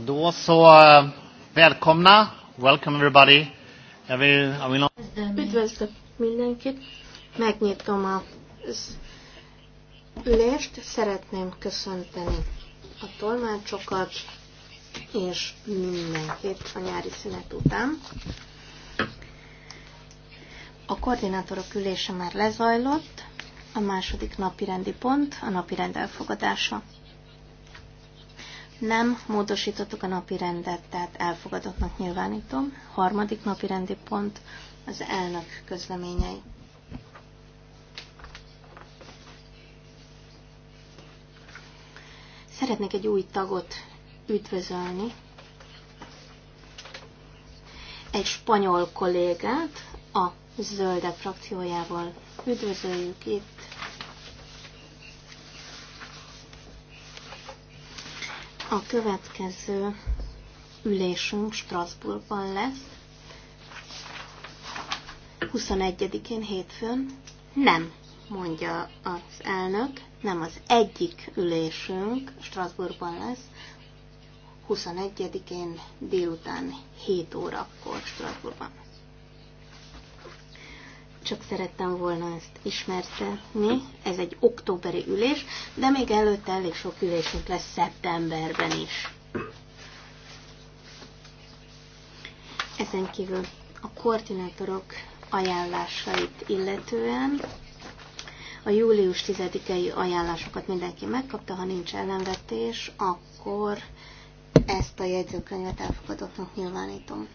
Då så, välkomna. Welcome everybody. Jag vill, jag vill... Üdvözlök mindenkit. Megnyitom a lést. Szeretném köszönteni a tolmácsokat és mindenkit a nyári szünet után. A koordinátorok ülése már lezajlott. A második napi rendi pont a napi rend elfogadása. Nem módosítottuk a napi rendet, tehát elfogadottnak nyilvánítom. Harmadik napi rendi pont az elnök közleményei. Szeretnék egy új tagot üdvözölni, egy spanyol kollégát a zöldek frakciójával. Üdvözöljük itt A következő ülésünk Strasbourgban lesz. 21-én hétfőn. Nem, mondja az elnök, nem az egyik ülésünk Strasbourgban lesz. 21-én délután 7 órakor Strasbourgban csak szerettem volna ezt ismertetni. Ez egy októberi ülés, de még előtte elég sok ülésünk lesz szeptemberben is. Ezen kívül a koordinátorok ajánlásait illetően a július 10-i ajánlásokat mindenki megkapta, ha nincs ellenvetés, akkor ezt a jegyzőkönyvet elfogadottnak nyilvánítom.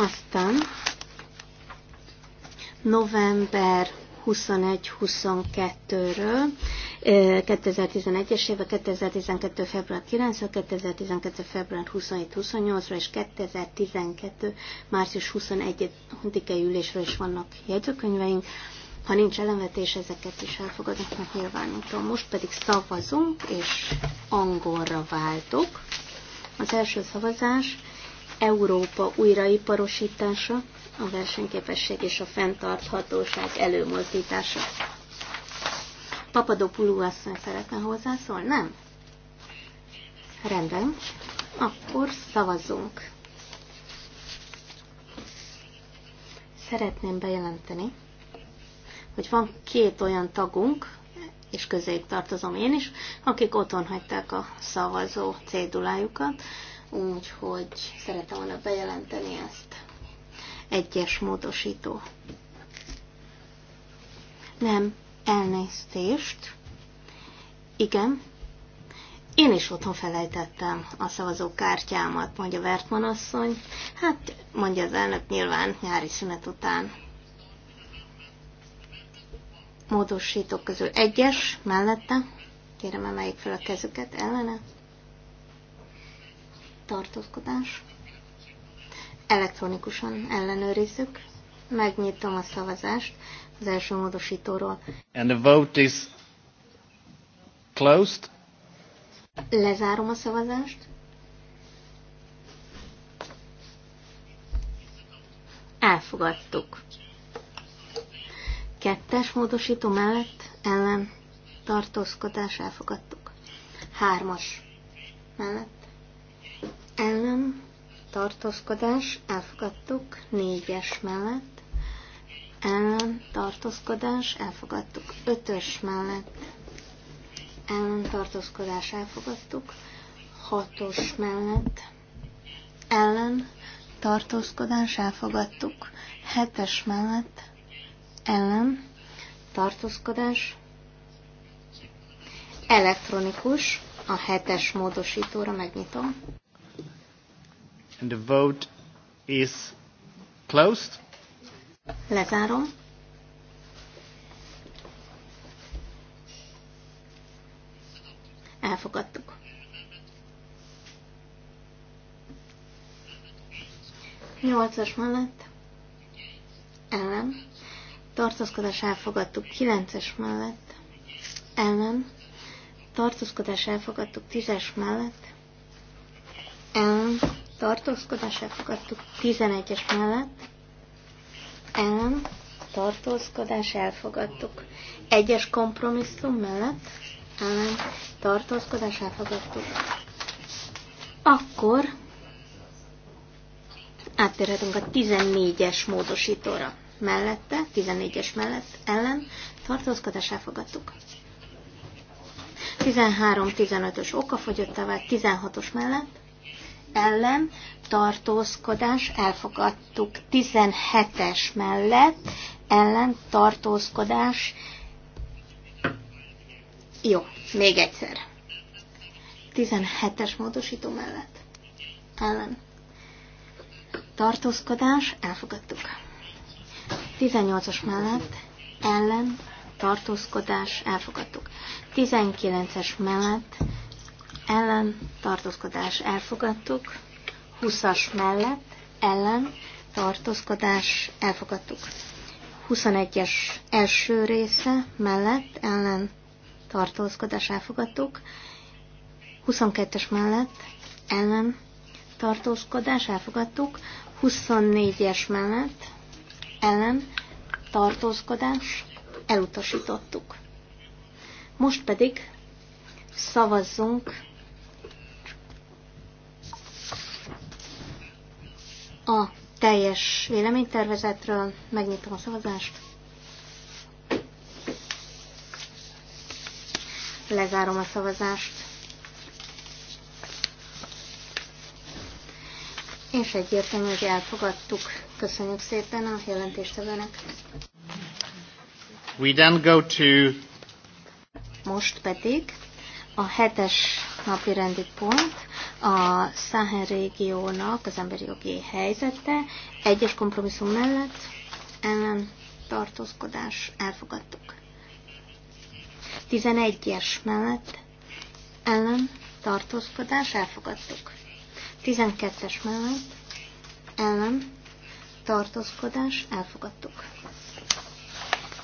Aztán november 21-22-ről 2011-es éve, 2012. február 9 2012. február 27-28-ra és 2012. március 21-e ülésről is vannak jegyzőkönyveink. Ha nincs ellenvetés, ezeket is elfogadnak nyilvánítom. Most pedig szavazunk, és angolra váltok. Az első szavazás Európa újraiparosítása, a versenyképesség és a fenntarthatóság előmozdítása. Papadopulú asszony szeretne hozzászól? Nem? Rendben. Akkor szavazunk. Szeretném bejelenteni, hogy van két olyan tagunk, és közéjük tartozom én is, akik otthon hagyták a szavazó cédulájukat, úgyhogy szeretem volna bejelenteni ezt. Egyes módosító. Nem, elnézést. Igen. Én is otthon felejtettem a szavazókártyámat, mondja Vertman asszony. Hát, mondja az elnök nyilván nyári szünet után. Módosítók közül egyes, mellette. Kérem, emeljék fel a kezüket ellene tartózkodás. Elektronikusan ellenőrizzük. Megnyitom a szavazást az első módosítóról. And the vote is closed. Lezárom a szavazást. Elfogadtuk. Kettes módosító mellett ellen tartózkodás elfogadtuk. Hármas mellett ellen tartózkodás elfogadtuk, négyes mellett, ellen tartózkodás elfogadtuk, ötös mellett, ellen tartózkodás elfogadtuk, hatos mellett, ellen tartózkodás elfogadtuk, hetes mellett, ellen tartózkodás elektronikus, a hetes módosítóra megnyitom. And the vote is closed. Lezárom. Elfogadtuk. Nyolcas mellett ellen. Tartózkodás elfogadtuk Kilences mellett ellen. Tartózkodás elfogadtuk Tízes mellett ellen tartózkodás elfogadtuk 11-es mellett, ellen, tartózkodás elfogadtuk. Egyes kompromisszum mellett, ellen, tartózkodás elfogadtuk. Akkor áttérhetünk a 14-es módosítóra. Mellette, 14-es mellett, ellen, tartózkodás elfogadtuk. 13-15-ös okafogyottá vált, 16-os mellett, ellen tartózkodás elfogadtuk. 17-es mellett ellen tartózkodás. Jó, még egyszer. 17-es módosító mellett ellen tartózkodás elfogadtuk. 18-as mellett ellen tartózkodás elfogadtuk. 19-es mellett ellen tartózkodás elfogadtuk, 20-as mellett ellen tartózkodás elfogadtuk. 21-es első része mellett ellen tartózkodás elfogadtuk, 22-es mellett ellen tartózkodás elfogadtuk, 24-es mellett ellen tartózkodás elutasítottuk. Most pedig szavazzunk a teljes véleménytervezetről. Megnyitom a szavazást. Lezárom a szavazást. És egyértelmű, hogy elfogadtuk. Köszönjük szépen a jelentéstevőnek. We then go to... Most pedig a hetes napi rendi pont a Sahel régiónak az emberi jogi helyzete. Egyes kompromisszum mellett ellen tartózkodás elfogadtuk. 11-es mellett ellen tartózkodás elfogadtuk. 12-es mellett ellen tartózkodás elfogadtuk.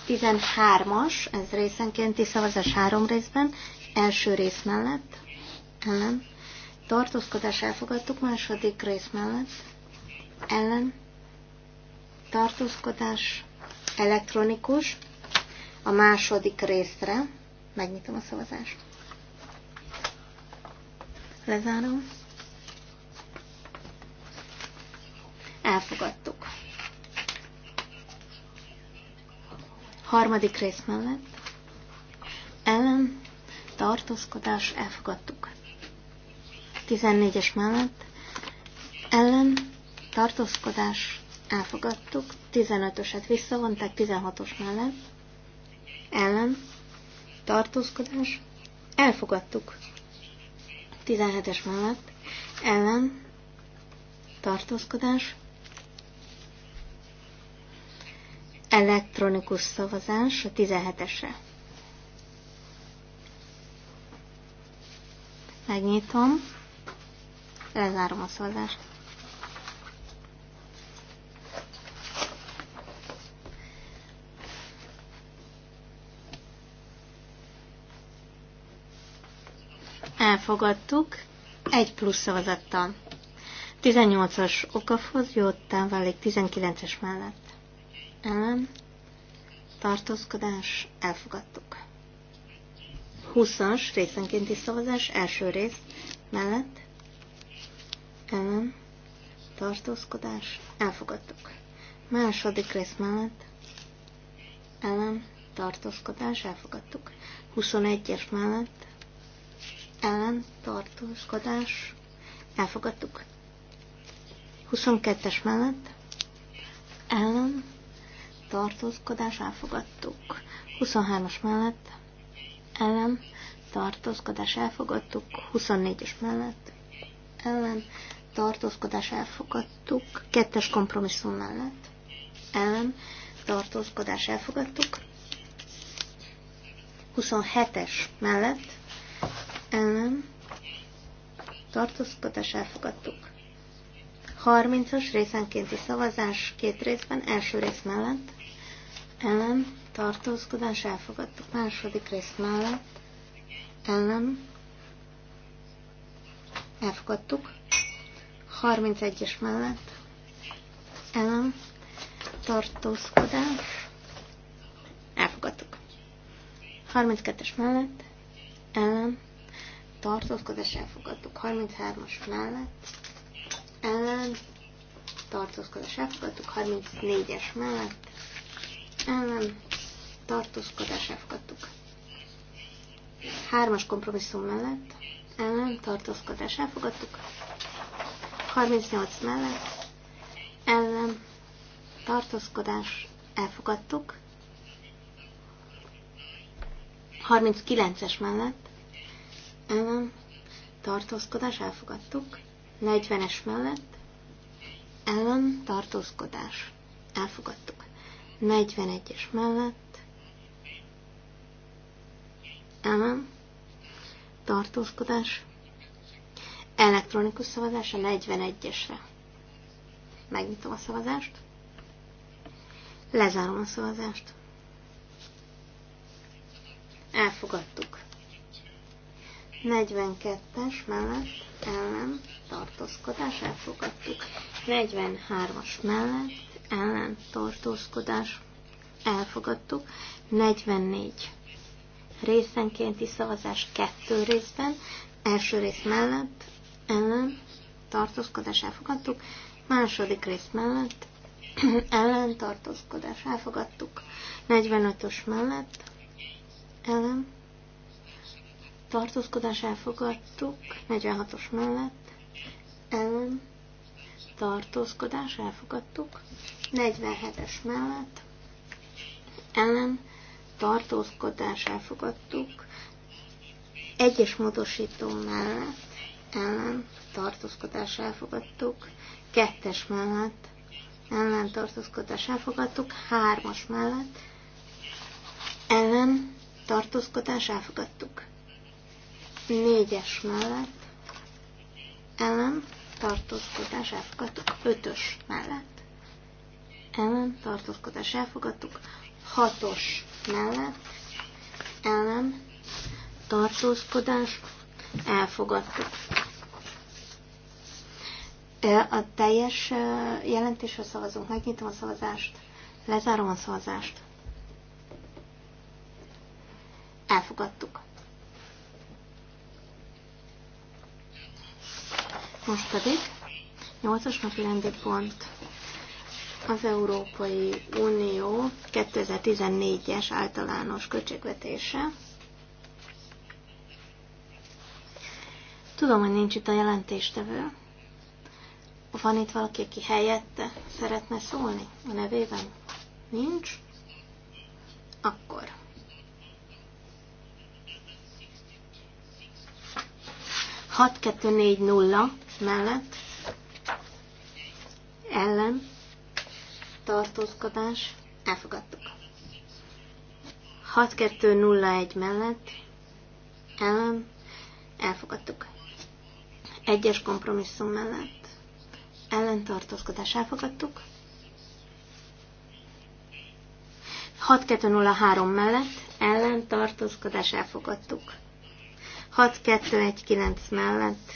13-as, ez részenkénti szavazás három részben, első rész mellett ellen tartózkodás elfogadtuk, második rész mellett, ellen, tartózkodás elektronikus, a második részre, megnyitom a szavazást. Lezárom. Elfogadtuk. Harmadik rész mellett. Ellen tartózkodás elfogadtuk. 14-es mellett ellen tartózkodás elfogadtuk, 15-öset visszavonták 16-os mellett ellen tartózkodás elfogadtuk, 17-es mellett ellen tartózkodás elektronikus szavazás a 17-esre. Megnyitom. Lezárom a szavazást. Elfogadtuk egy plusz szavazattal. 18-as okafoz, jóttá válik 19-es mellett. Ellen, tartózkodás, elfogadtuk. 20-as részenkénti szavazás, első rész mellett, ellen tartózkodás elfogadtuk. Második rész mellett ellen tartózkodás elfogadtuk. 21-es mellett ellen tartózkodás elfogadtuk. 22-es mellett ellen tartózkodás elfogadtuk. 23-as mellett ellen tartózkodás elfogadtuk. 24-es mellett ellen tartózkodás elfogadtuk, kettes kompromisszum mellett, ellen, tartózkodás elfogadtuk, 27-es mellett, ellen, tartózkodás elfogadtuk. 30-as részenkénti szavazás két részben, első rész mellett, ellen, tartózkodás elfogadtuk, második rész mellett, ellen, elfogadtuk, 31-es mellett Elem. tartózkodás elfogadtuk. 32-es mellett Elem. tartózkodás elfogadtuk. 33-as mellett Elem. tartózkodás elfogadtuk. 34-es mellett Elem. tartózkodás elfogadtuk. 3-as kompromisszum mellett ellen tartózkodás elfogadtuk. 38 mellett ellen tartózkodás elfogadtuk. 39-es mellett ellen tartózkodás elfogadtuk. 40-es mellett ellen tartózkodás elfogadtuk. 41-es mellett ellen tartózkodás Elektronikus szavazás a 41-esre. Megnyitom a szavazást. Lezárom a szavazást. Elfogadtuk. 42-es mellett ellen tartózkodás elfogadtuk. 43-as mellett ellen tartózkodás elfogadtuk. 44 részenkénti szavazás kettő részben, első rész mellett ellen, tartózkodás elfogadtuk. Második rész mellett, ellen, tartózkodás elfogadtuk. 45-ös mellett, ellen, tartózkodás elfogadtuk. 46-os mellett, ellen, tartózkodás elfogadtuk. 47-es mellett, ellen, tartózkodás elfogadtuk. Egyes módosító mellett, ellen tartózkodás elfogadtuk, kettes mellett ellen tartózkodás elfogadtuk, hármas mellett ellen tartózkodás elfogadtuk, négyes mellett ellen tartózkodás elfogadtuk, ötös mellett ellen tartózkodás elfogadtuk, hatos mellett ellen tartózkodás elfogadtuk. A teljes jelentésről szavazunk. Megnyitom a szavazást. Lezárom a szavazást. Elfogadtuk. Most pedig 8-as napi rendi pont az Európai Unió 2014-es általános költségvetése. Tudom, hogy nincs itt a jelentéstevő. Van itt valaki, aki helyette szeretne szólni a nevében? Nincs? Akkor. Hat kettő négy nulla mellett ellen tartózkodás elfogadtuk. 6201 mellett ellen elfogadtuk. Egyes kompromisszum mellett ellentartózkodás elfogadtuk. 6203 mellett ellentartózkodás elfogadtuk. 6219 mellett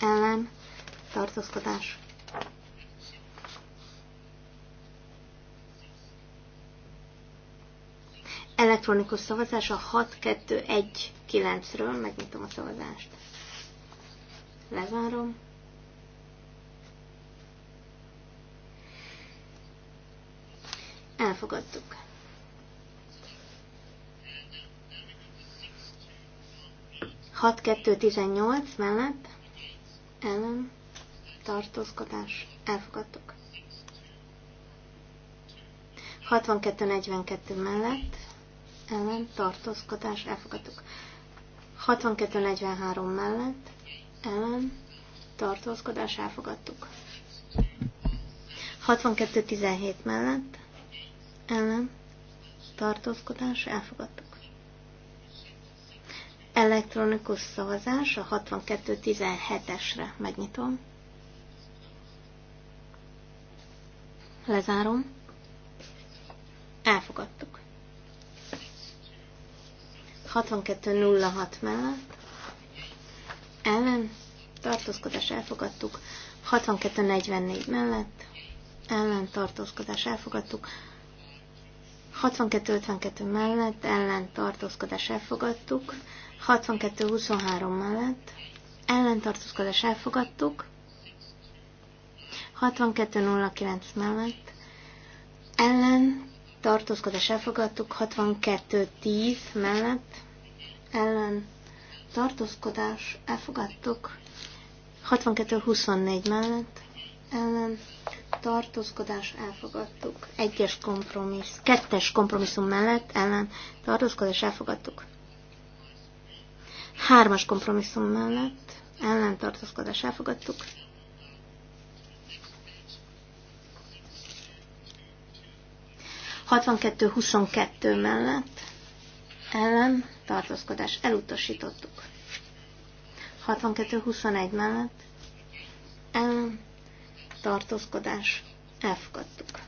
ellen tartózkodás. Elektronikus szavazás a 6219-ről, megnyitom a szavazást. Lezárom. Elfogadtuk. Hat kettő tizennyolc mellett ellen tartózkodás. Elfogadtuk. 62-42 mellett ellen tartózkodás. Elfogadtuk. 62-43 mellett ellen tartózkodás. Elfogadtuk. 62-17 mellett ellen tartózkodás elfogadtuk. Elektronikus szavazás a 6217-esre megnyitom. Lezárom. Elfogadtuk. 6206 mellett ellen tartózkodás elfogadtuk. 6244 mellett ellen tartózkodás elfogadtuk. 62-52 mellett ellen tartózkodás elfogadtuk, 62-23 mellett ellen tartózkodás elfogadtuk, 62-09 mellett ellen tartózkodás elfogadtuk, 62-10 mellett ellen tartózkodás elfogadtuk, 62-24 mellett ellen tartózkodás elfogadtuk. Egyes kompromissz, kettes kompromisszum mellett ellen tartózkodás elfogadtuk. Hármas kompromisszum mellett ellen tartózkodás elfogadtuk. Hatvankettő huszonkettő mellett ellen tartózkodás elutasítottuk. 62-21 mellett ellen tartózkodás, elfogadtuk.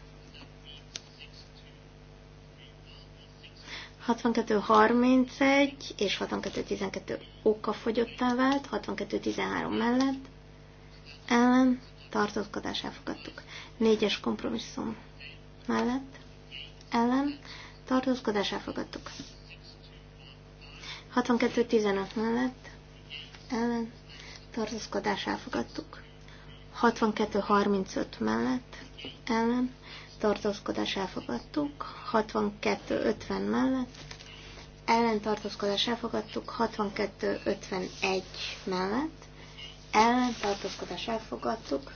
62.31 és 62.12 12 okafogyottá vált, 62.13 mellett ellen tartózkodás elfogadtuk. 4-es kompromisszum mellett ellen tartózkodás elfogadtuk. 62.15 mellett ellen tartózkodás elfogadtuk. 62.16 62-35 mellett ellen, tartózkodás elfogadtuk, 62-50 mellett, ellen tartózkodás elfogadtuk, 62-51 mellett, ellen tartózkodás elfogadtuk,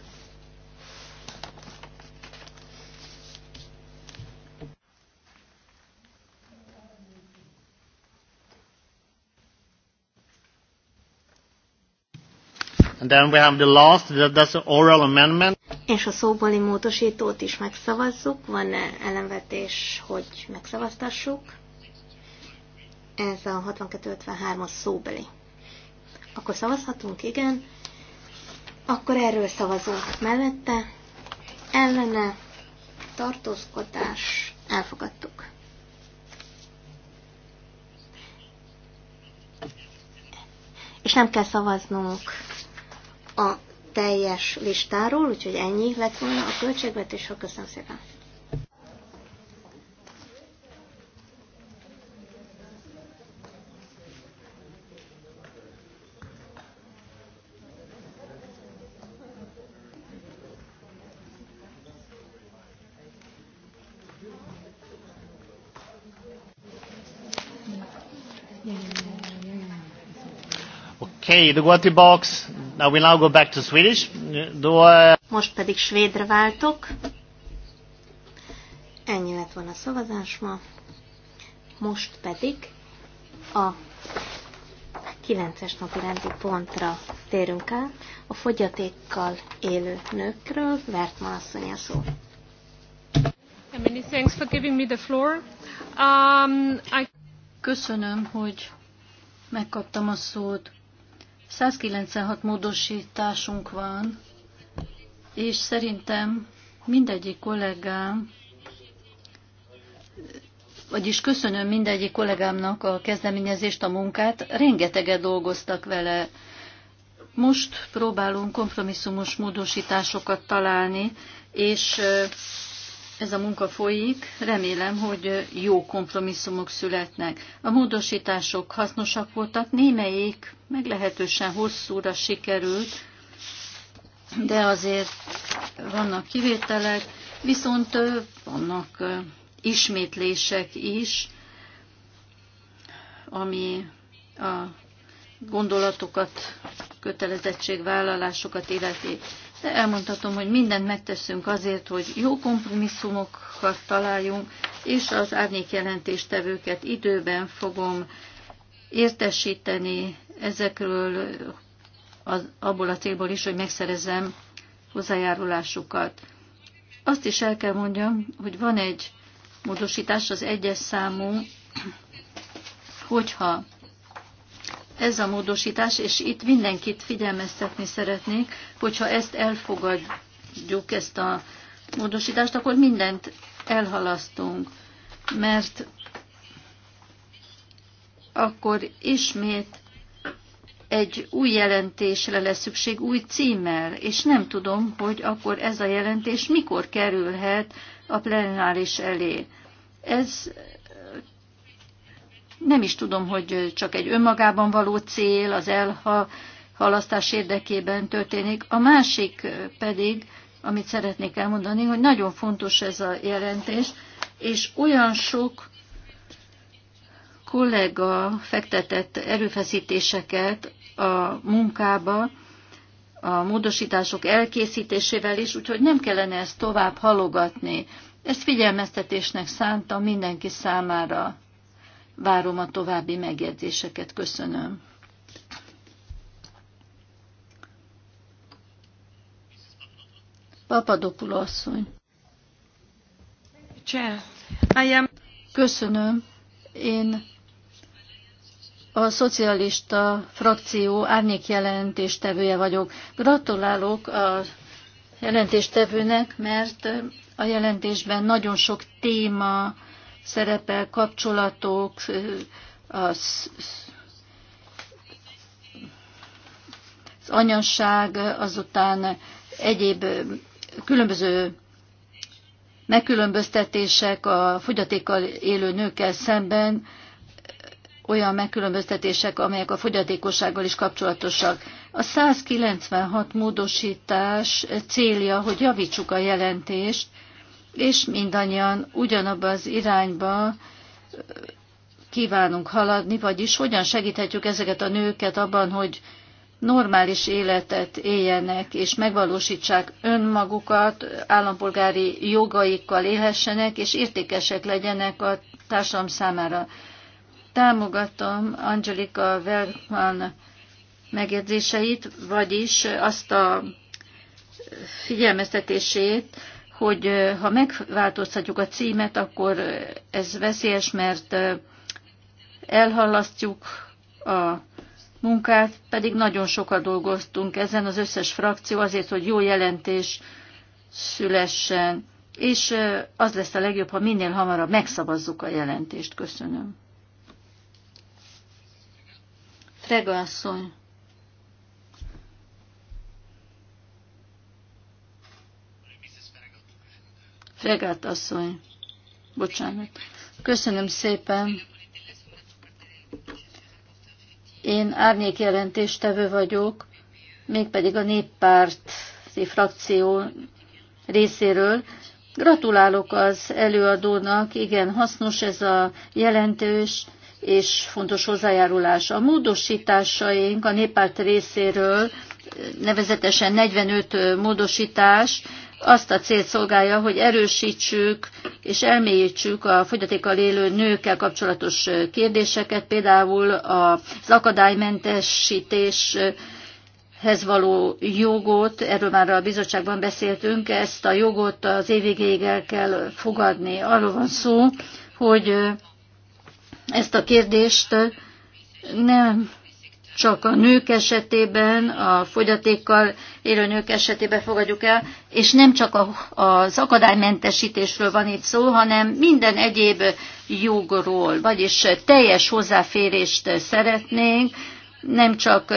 then we have the last, that, that's the oral amendment. És a szóbeli módosítót is megszavazzuk. Van-e ellenvetés, hogy megszavaztassuk? Ez a 6253-as szóbeli. Akkor szavazhatunk, igen. Akkor erről szavazunk mellette. Ellene tartózkodás elfogadtuk. És nem kell szavaznunk a teljes listáról, úgyhogy ennyi lett volna a költségvetés. Köszönöm szépen! Okej, okay, då går jag tillbaks Now we now go back to Swedish. Do, I... Most pedig svédre váltok. Ennyi lett van a szavazás ma. Most pedig a 9-es napi rendi pontra térünk el. A fogyatékkal élő nőkről Vertman asszony a szó. Many thanks for giving me the floor. Um, I... Köszönöm, hogy megkaptam a szót. 196 módosításunk van, és szerintem mindegyik kollégám, vagyis köszönöm mindegyik kollégámnak a kezdeményezést, a munkát, rengeteget dolgoztak vele. Most próbálunk kompromisszumos módosításokat találni, és ez a munka folyik, remélem, hogy jó kompromisszumok születnek. A módosítások hasznosak voltak, némelyik meglehetősen hosszúra sikerült, de azért vannak kivételek, viszont vannak ismétlések is, ami a gondolatokat, kötelezettségvállalásokat illeti de elmondhatom, hogy mindent megteszünk azért, hogy jó kompromisszumokat találjunk, és az árnyékjelentéstevőket időben fogom értesíteni ezekről az, abból a célból is, hogy megszerezem hozzájárulásukat. Azt is el kell mondjam, hogy van egy módosítás, az egyes számú, hogyha ez a módosítás, és itt mindenkit figyelmeztetni szeretnék, hogyha ezt elfogadjuk, ezt a módosítást, akkor mindent elhalasztunk, mert akkor ismét egy új jelentésre lesz szükség, új címmel, és nem tudom, hogy akkor ez a jelentés mikor kerülhet a plenáris elé. Ez nem is tudom, hogy csak egy önmagában való cél az elhalasztás érdekében történik. A másik pedig, amit szeretnék elmondani, hogy nagyon fontos ez a jelentés, és olyan sok kollega fektetett erőfeszítéseket a munkába, a módosítások elkészítésével is, úgyhogy nem kellene ezt tovább halogatni. Ezt figyelmeztetésnek szántam mindenki számára várom a további megjegyzéseket. Köszönöm. Papadopul asszony. Köszönöm. Én a szocialista frakció árnyék jelentéstevője vagyok. Gratulálok a jelentéstevőnek, mert a jelentésben nagyon sok téma szerepel, kapcsolatok, az, az anyasság, azután egyéb különböző megkülönböztetések a fogyatékkal élő nőkkel szemben, olyan megkülönböztetések, amelyek a fogyatékossággal is kapcsolatosak. A 196 módosítás célja, hogy javítsuk a jelentést, és mindannyian ugyanabba az irányba kívánunk haladni, vagyis hogyan segíthetjük ezeket a nőket abban, hogy normális életet éljenek, és megvalósítsák önmagukat, állampolgári jogaikkal élhessenek, és értékesek legyenek a társam számára. Támogatom Angelika Verkman megjegyzéseit, vagyis azt a figyelmeztetését, hogy ha megváltoztatjuk a címet, akkor ez veszélyes, mert elhallasztjuk a munkát, pedig nagyon sokat dolgoztunk ezen az összes frakció azért, hogy jó jelentés szülessen, és az lesz a legjobb, ha minél hamarabb megszavazzuk a jelentést. Köszönöm. Frega asszony. Fregát asszony, bocsánat. Köszönöm szépen. Én árnyék jelentéstevő vagyok, mégpedig a néppárti frakció részéről. Gratulálok az előadónak, igen, hasznos ez a jelentős és fontos hozzájárulás. A módosításaink a néppárt részéről, nevezetesen 45 módosítás, azt a célt szolgálja, hogy erősítsük és elmélyítsük a fogyatékkal élő nőkkel kapcsolatos kérdéseket, például az akadálymentesítés hez való jogot, erről már a bizottságban beszéltünk, ezt a jogot az évvégéig el kell fogadni. Arról van szó, hogy ezt a kérdést nem csak a nők esetében, a fogyatékkal élő nők esetében fogadjuk el, és nem csak a, az akadálymentesítésről van itt szó, hanem minden egyéb jogról, vagyis teljes hozzáférést szeretnénk, nem csak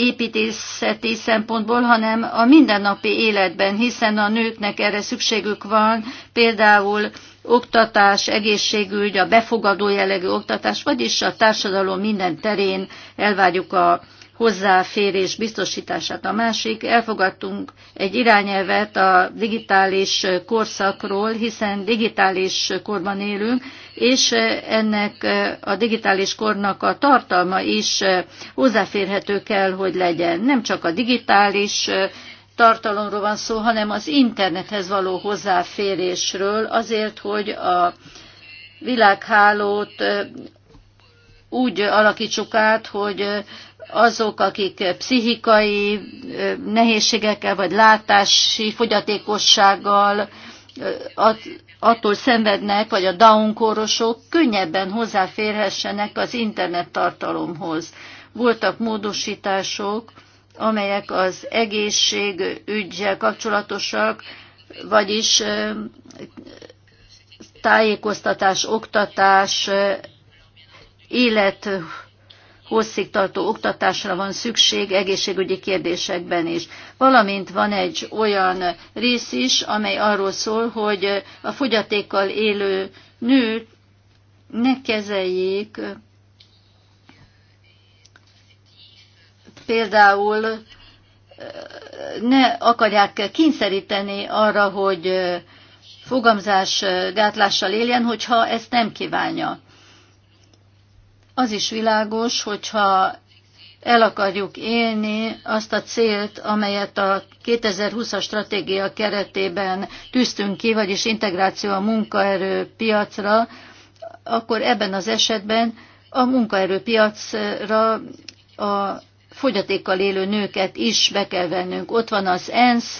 építészeti szempontból, hanem a mindennapi életben, hiszen a nőknek erre szükségük van, például oktatás, egészségügy, a befogadó jellegű oktatás, vagyis a társadalom minden terén elvárjuk a hozzáférés biztosítását. A másik, elfogadtunk egy irányelvet a digitális korszakról, hiszen digitális korban élünk, és ennek a digitális kornak a tartalma is hozzáférhető kell, hogy legyen. Nem csak a digitális tartalomról van szó, hanem az internethez való hozzáférésről, azért, hogy a világhálót úgy alakítsuk át, hogy azok, akik pszichikai nehézségekkel vagy látási fogyatékossággal attól szenvednek, vagy a down könnyebben hozzáférhessenek az internet tartalomhoz. Voltak módosítások, amelyek az egészségügyel kapcsolatosak, vagyis tájékoztatás, oktatás, élet hosszígtartó oktatásra van szükség egészségügyi kérdésekben is. Valamint van egy olyan rész is, amely arról szól, hogy a fogyatékkal élő nőt ne kezeljék például ne akarják kényszeríteni arra, hogy fogamzás gátlással éljen, hogyha ezt nem kívánja. Az is világos, hogyha el akarjuk élni azt a célt, amelyet a 2020-as stratégia keretében tűztünk ki, vagyis integráció a munkaerő piacra, akkor ebben az esetben a munkaerőpiacra a fogyatékkal élő nőket is be kell vennünk. Ott van az ENSZ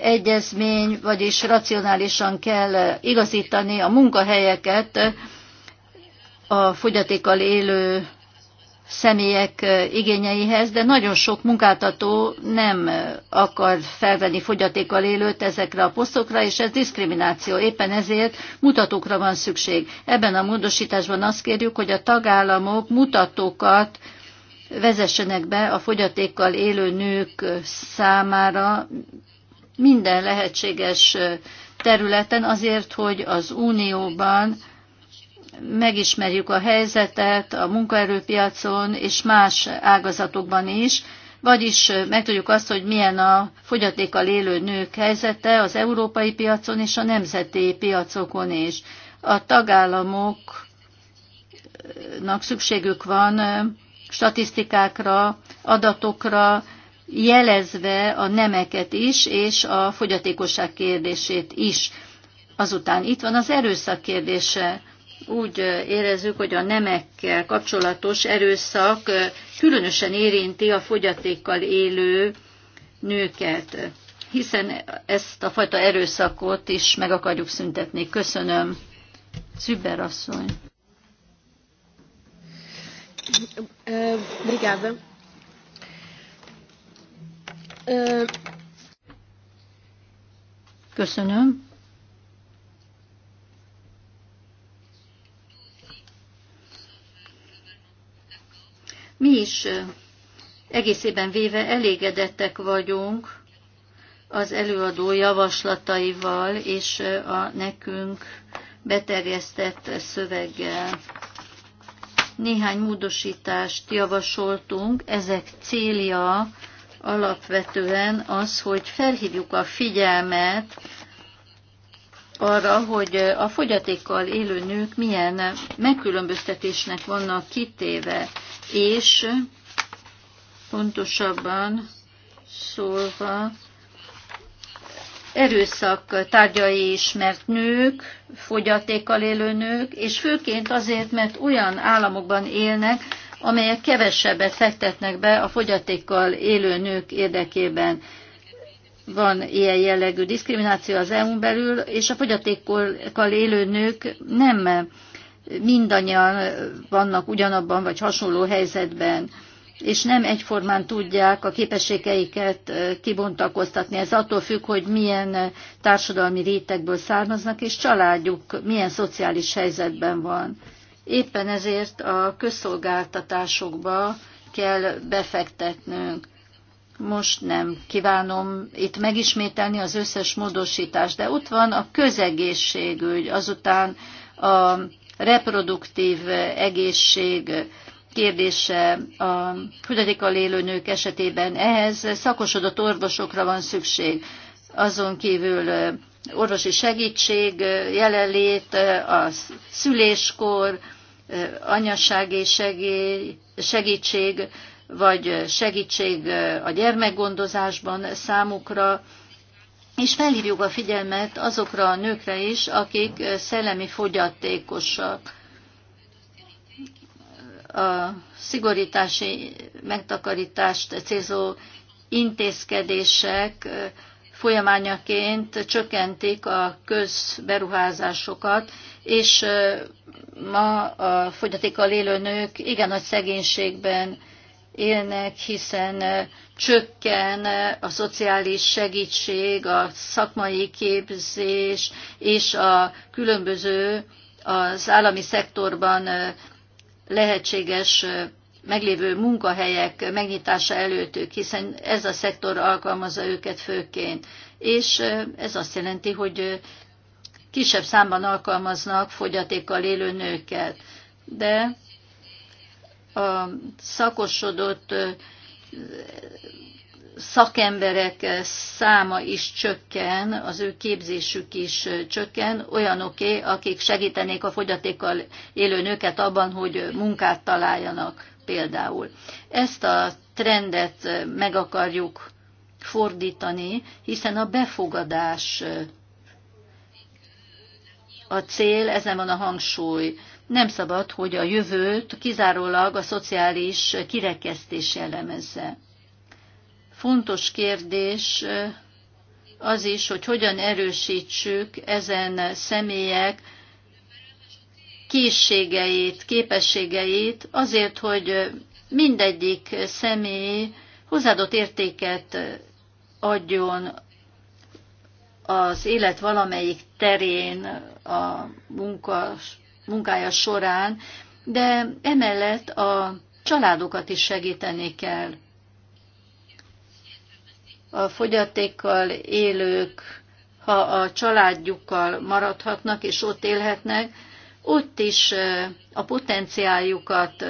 egyezmény, vagyis racionálisan kell igazítani a munkahelyeket a fogyatékkal élő személyek igényeihez, de nagyon sok munkáltató nem akar felvenni fogyatékkal élőt ezekre a posztokra, és ez diszkrimináció. Éppen ezért mutatókra van szükség. Ebben a módosításban azt kérjük, hogy a tagállamok mutatókat vezessenek be a fogyatékkal élő nők számára minden lehetséges területen azért, hogy az Unióban megismerjük a helyzetet a munkaerőpiacon és más ágazatokban is, vagyis megtudjuk azt, hogy milyen a fogyatékkal élő nők helyzete az európai piacon és a nemzeti piacokon is. A tagállamoknak szükségük van statisztikákra, adatokra, jelezve a nemeket is, és a fogyatékosság kérdését is. Azután itt van az erőszak kérdése úgy érezzük, hogy a nemekkel kapcsolatos erőszak különösen érinti a fogyatékkal élő nőket, hiszen ezt a fajta erőszakot is meg akarjuk szüntetni. Köszönöm. Szüber asszony. Köszönöm. Mi is egészében véve elégedettek vagyunk az előadó javaslataival és a nekünk beterjesztett szöveggel. Néhány módosítást javasoltunk, ezek célja alapvetően az, hogy felhívjuk a figyelmet arra, hogy a fogyatékkal élő nők milyen megkülönböztetésnek vannak kitéve és pontosabban szólva erőszak tárgyai is, mert nők, fogyatékkal élő nők, és főként azért, mert olyan államokban élnek, amelyek kevesebbet fektetnek be a fogyatékkal élő nők érdekében. Van ilyen jellegű diszkrimináció az EU-n belül, és a fogyatékkal élő nők nem mindannyian vannak ugyanabban vagy hasonló helyzetben, és nem egyformán tudják a képességeiket kibontakoztatni. Ez attól függ, hogy milyen társadalmi rétegből származnak, és családjuk milyen szociális helyzetben van. Éppen ezért a közszolgáltatásokba kell befektetnünk. Most nem kívánom itt megismételni az összes módosítást, de ott van a közegészségügy, azután a reproduktív egészség kérdése a fogyatékkal élő nők esetében. Ehhez szakosodott orvosokra van szükség. Azon kívül orvosi segítség, jelenlét, a szüléskor, anyassági segély, segítség, vagy segítség a gyermekgondozásban számukra, és felhívjuk a figyelmet azokra a nőkre is, akik szellemi fogyatékosak. A szigorítási megtakarítást célzó intézkedések folyamányaként csökkentik a közberuházásokat, és ma a fogyatékkal élő nők igen nagy szegénységben élnek, hiszen csökken a szociális segítség, a szakmai képzés és a különböző az állami szektorban lehetséges meglévő munkahelyek megnyitása előttük, hiszen ez a szektor alkalmazza őket főként. És ez azt jelenti, hogy kisebb számban alkalmaznak fogyatékkal élő nőket. De a szakosodott szakemberek száma is csökken, az ő képzésük is csökken, olyanoké, akik segítenék a fogyatékkal élő nőket abban, hogy munkát találjanak például. Ezt a trendet meg akarjuk fordítani, hiszen a befogadás a cél, ezen van a hangsúly. Nem szabad, hogy a jövőt kizárólag a szociális kirekesztés jellemezze. Fontos kérdés eh, az is, hogy hogyan erősítsük ezen személyek készségeit, képességeit azért, hogy mindegyik személy hozzáadott értéket adjon az élet valamelyik terén, a munkas munkája során, de emellett a családokat is segíteni kell. A fogyatékkal élők, ha a családjukkal maradhatnak és ott élhetnek, ott is a potenciáljukat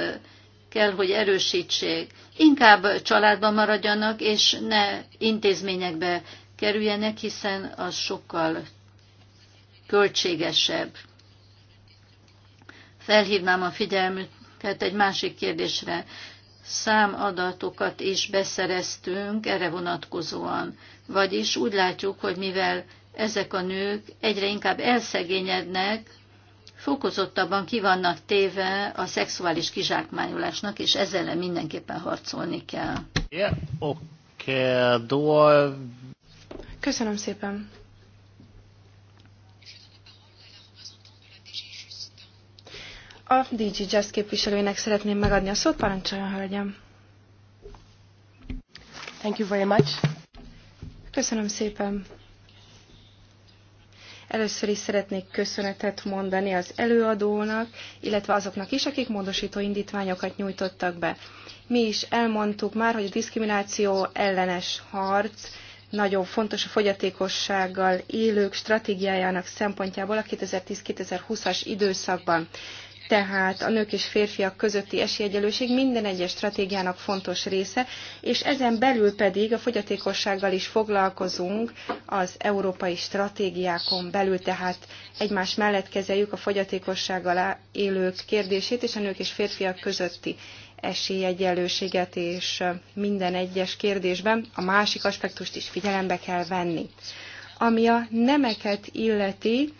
kell, hogy erősítsék. Inkább családban maradjanak, és ne intézményekbe kerüljenek, hiszen az sokkal költségesebb felhívnám a figyelmüket egy másik kérdésre. Számadatokat is beszereztünk erre vonatkozóan. Vagyis úgy látjuk, hogy mivel ezek a nők egyre inkább elszegényednek, fokozottabban kivannak téve a szexuális kizsákmányolásnak, és ezzel mindenképpen harcolni kell. Yeah, okay, do I... Köszönöm szépen. A DG Jazz képviselőjének szeretném megadni a szót, parancsoljon, hölgyem. Thank you very much. Köszönöm szépen. Először is szeretnék köszönetet mondani az előadónak, illetve azoknak is, akik módosító indítványokat nyújtottak be. Mi is elmondtuk már, hogy a diszkrimináció ellenes harc nagyon fontos a fogyatékossággal élők stratégiájának szempontjából a 2010-2020-as időszakban tehát a nők és férfiak közötti esélyegyelőség minden egyes stratégiának fontos része, és ezen belül pedig a fogyatékossággal is foglalkozunk az európai stratégiákon belül, tehát egymás mellett kezeljük a fogyatékossággal élők kérdését és a nők és férfiak közötti esélyegyelőséget és minden egyes kérdésben a másik aspektust is figyelembe kell venni. Ami a nemeket illeti,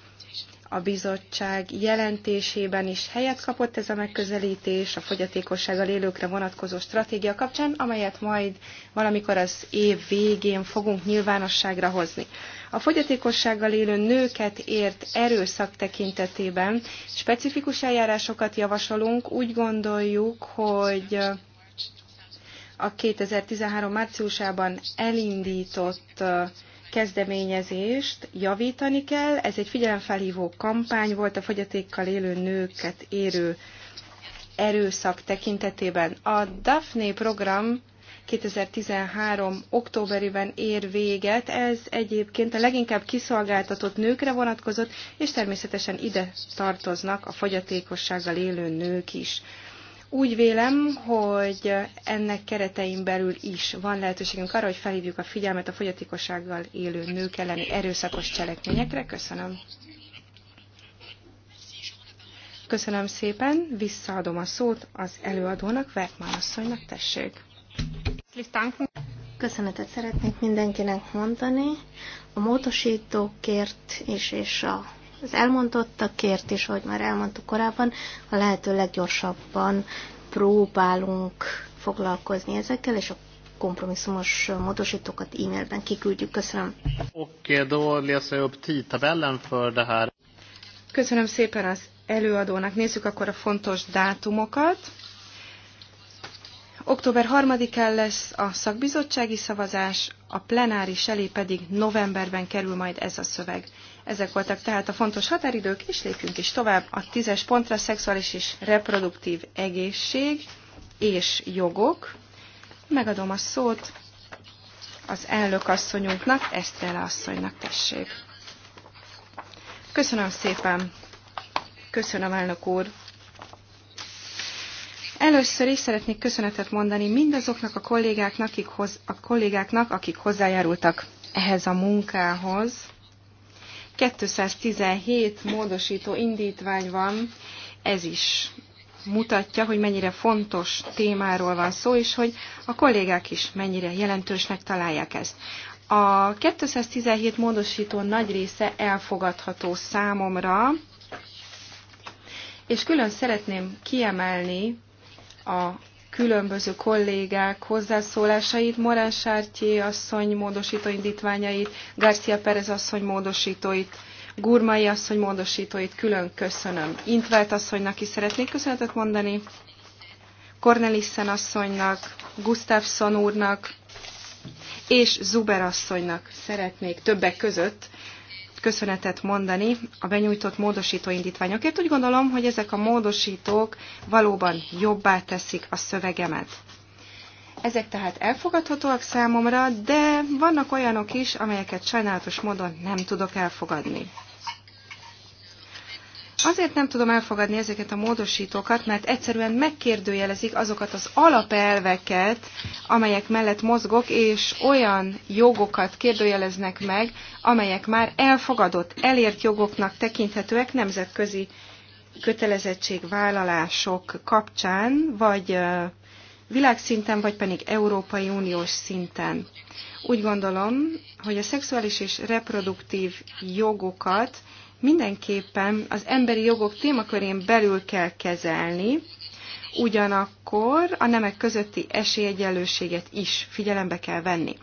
a bizottság jelentésében is helyet kapott ez a megközelítés a fogyatékossággal élőkre vonatkozó stratégia kapcsán, amelyet majd valamikor az év végén fogunk nyilvánosságra hozni. A fogyatékossággal élő nőket ért erőszak tekintetében specifikus eljárásokat javasolunk, úgy gondoljuk, hogy a 2013 márciusában elindított kezdeményezést javítani kell. Ez egy figyelemfelhívó kampány volt a fogyatékkal élő nőket érő erőszak tekintetében. A Daphne program 2013. októberében ér véget. Ez egyébként a leginkább kiszolgáltatott nőkre vonatkozott, és természetesen ide tartoznak a fogyatékossággal élő nők is. Úgy vélem, hogy ennek keretein belül is van lehetőségünk arra, hogy felhívjuk a figyelmet a fogyatékossággal élő nők elleni erőszakos cselekményekre. Köszönöm. Köszönöm szépen, visszaadom a szót az előadónak, Vertman asszonynak, tessék. Köszönetet szeretnék mindenkinek mondani a módosítókért és, és a az elmondottakért is, ahogy már elmondtuk korábban, a lehető leggyorsabban próbálunk foglalkozni ezekkel, és a kompromisszumos módosítókat e-mailben kiküldjük. Köszönöm. Oké, då läser jag upp tidtabellen för det här. Köszönöm szépen az előadónak. Nézzük akkor a fontos dátumokat. Október 3-án lesz a szakbizottsági szavazás, a plenáris elé pedig novemberben kerül majd ez a szöveg. Ezek voltak tehát a fontos határidők, és lépjünk is tovább a tízes pontra, szexuális és reproduktív egészség és jogok. Megadom a szót az elnök asszonyunknak, Esztrele asszonynak tessék. Köszönöm szépen. Köszönöm, elnök úr. Először is szeretnék köszönetet mondani mindazoknak a kollégáknak, akik, hoz, a kollégáknak, akik hozzájárultak ehhez a munkához. 217 módosító indítvány van, ez is mutatja, hogy mennyire fontos témáról van szó, és hogy a kollégák is mennyire jelentősnek találják ezt. A 217 módosító nagy része elfogadható számomra, és külön szeretném kiemelni a különböző kollégák hozzászólásait, Morán Sártyé asszony módosító indítványait, Garcia Perez asszony módosítóit, Gurmai asszony módosítóit külön köszönöm. Intvelt asszonynak is szeretnék köszönetet mondani, Cornelissen asszonynak, Gustafsson úrnak és Zuber asszonynak szeretnék többek között, köszönetet mondani a benyújtott módosító indítványokért. Úgy gondolom, hogy ezek a módosítók valóban jobbá teszik a szövegemet. Ezek tehát elfogadhatóak számomra, de vannak olyanok is, amelyeket sajnálatos módon nem tudok elfogadni. Azért nem tudom elfogadni ezeket a módosítókat, mert egyszerűen megkérdőjelezik azokat az alapelveket, amelyek mellett mozgok, és olyan jogokat kérdőjeleznek meg, amelyek már elfogadott, elért jogoknak tekinthetőek nemzetközi kötelezettségvállalások kapcsán, vagy világszinten, vagy pedig Európai Uniós szinten. Úgy gondolom, hogy a szexuális és reproduktív jogokat mindenképpen az emberi jogok témakörén belül kell kezelni, ugyanakkor a nemek közötti esélyegyenlőséget is figyelembe kell venni.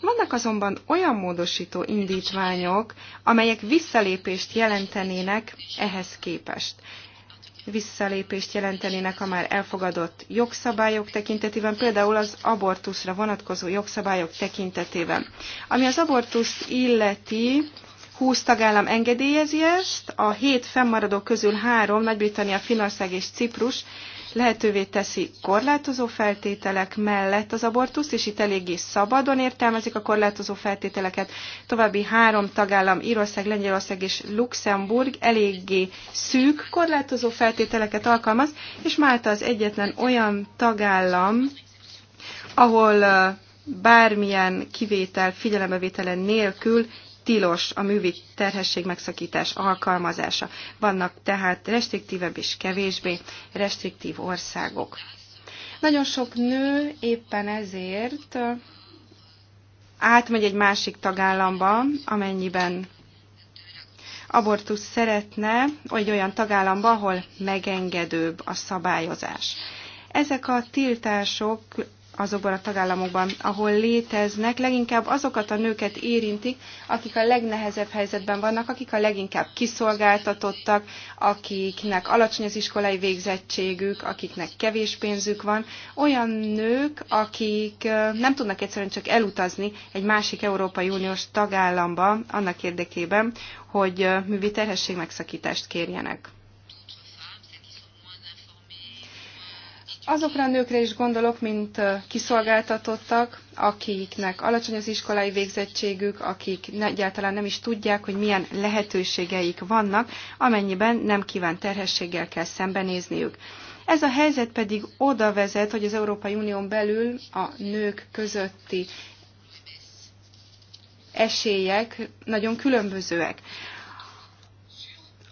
Vannak azonban olyan módosító indítványok, amelyek visszalépést jelentenének ehhez képest. Visszalépést jelentenének a már elfogadott jogszabályok tekintetében, például az abortuszra vonatkozó jogszabályok tekintetében. Ami az abortuszt illeti, 20 tagállam engedélyezi ezt, a hét fennmaradó közül három Nagy-Britannia, Finország és Ciprus lehetővé teszi korlátozó feltételek mellett az abortuszt, és itt eléggé szabadon értelmezik a korlátozó feltételeket. További három tagállam, Írország, Lengyelország és Luxemburg eléggé szűk korlátozó feltételeket alkalmaz, és Málta az egyetlen olyan tagállam, ahol bármilyen kivétel figyelembevételen nélkül tilos a művi terhesség megszakítás alkalmazása. Vannak tehát restriktívebb és kevésbé restriktív országok. Nagyon sok nő éppen ezért átmegy egy másik tagállamba, amennyiben abortusz szeretne, vagy olyan tagállamba, ahol megengedőbb a szabályozás. Ezek a tiltások azokban a tagállamokban, ahol léteznek, leginkább azokat a nőket érintik, akik a legnehezebb helyzetben vannak, akik a leginkább kiszolgáltatottak, akiknek alacsony az iskolai végzettségük, akiknek kevés pénzük van, olyan nők, akik nem tudnak egyszerűen csak elutazni egy másik Európai Uniós tagállamba annak érdekében, hogy művi terhesség megszakítást kérjenek. Azokra a nőkre is gondolok, mint kiszolgáltatottak, akiknek alacsony az iskolai végzettségük, akik egyáltalán nem is tudják, hogy milyen lehetőségeik vannak, amennyiben nem kíván terhességgel kell szembenézniük. Ez a helyzet pedig oda vezet, hogy az Európai Unión belül a nők közötti esélyek nagyon különbözőek.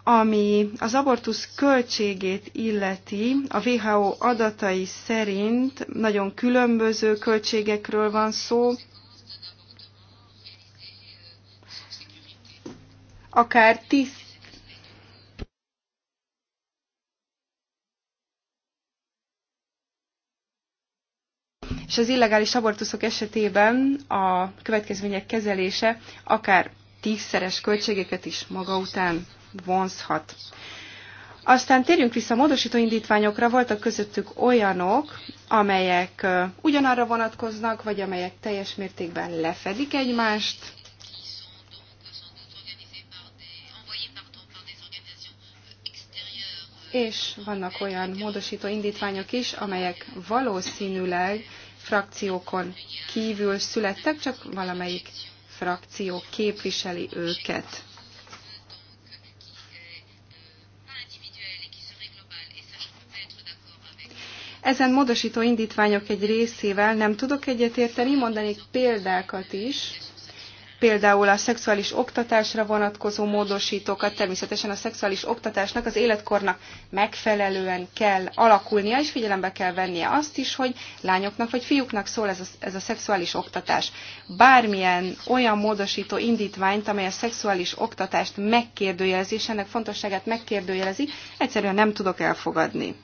Ami az abortusz költségét illeti, a WHO adatai szerint nagyon különböző költségekről van szó, akár 10 és az illegális abortuszok esetében a következmények kezelése akár tízszeres költségeket is maga után vonzhat. Aztán térjünk vissza a módosító indítványokra, voltak közöttük olyanok, amelyek ugyanarra vonatkoznak, vagy amelyek teljes mértékben lefedik egymást. És vannak olyan módosító indítványok is, amelyek valószínűleg frakciókon kívül születtek, csak valamelyik frakció képviseli őket. Ezen módosító indítványok egy részével nem tudok egyetérteni, mondanék példákat is, például a szexuális oktatásra vonatkozó módosítókat, természetesen a szexuális oktatásnak az életkornak megfelelően kell alakulnia, és figyelembe kell vennie azt is, hogy lányoknak vagy fiúknak szól ez a, ez a szexuális oktatás. Bármilyen olyan módosító indítványt, amely a szexuális oktatást megkérdőjelezi, és ennek fontosságát megkérdőjelezi, egyszerűen nem tudok elfogadni.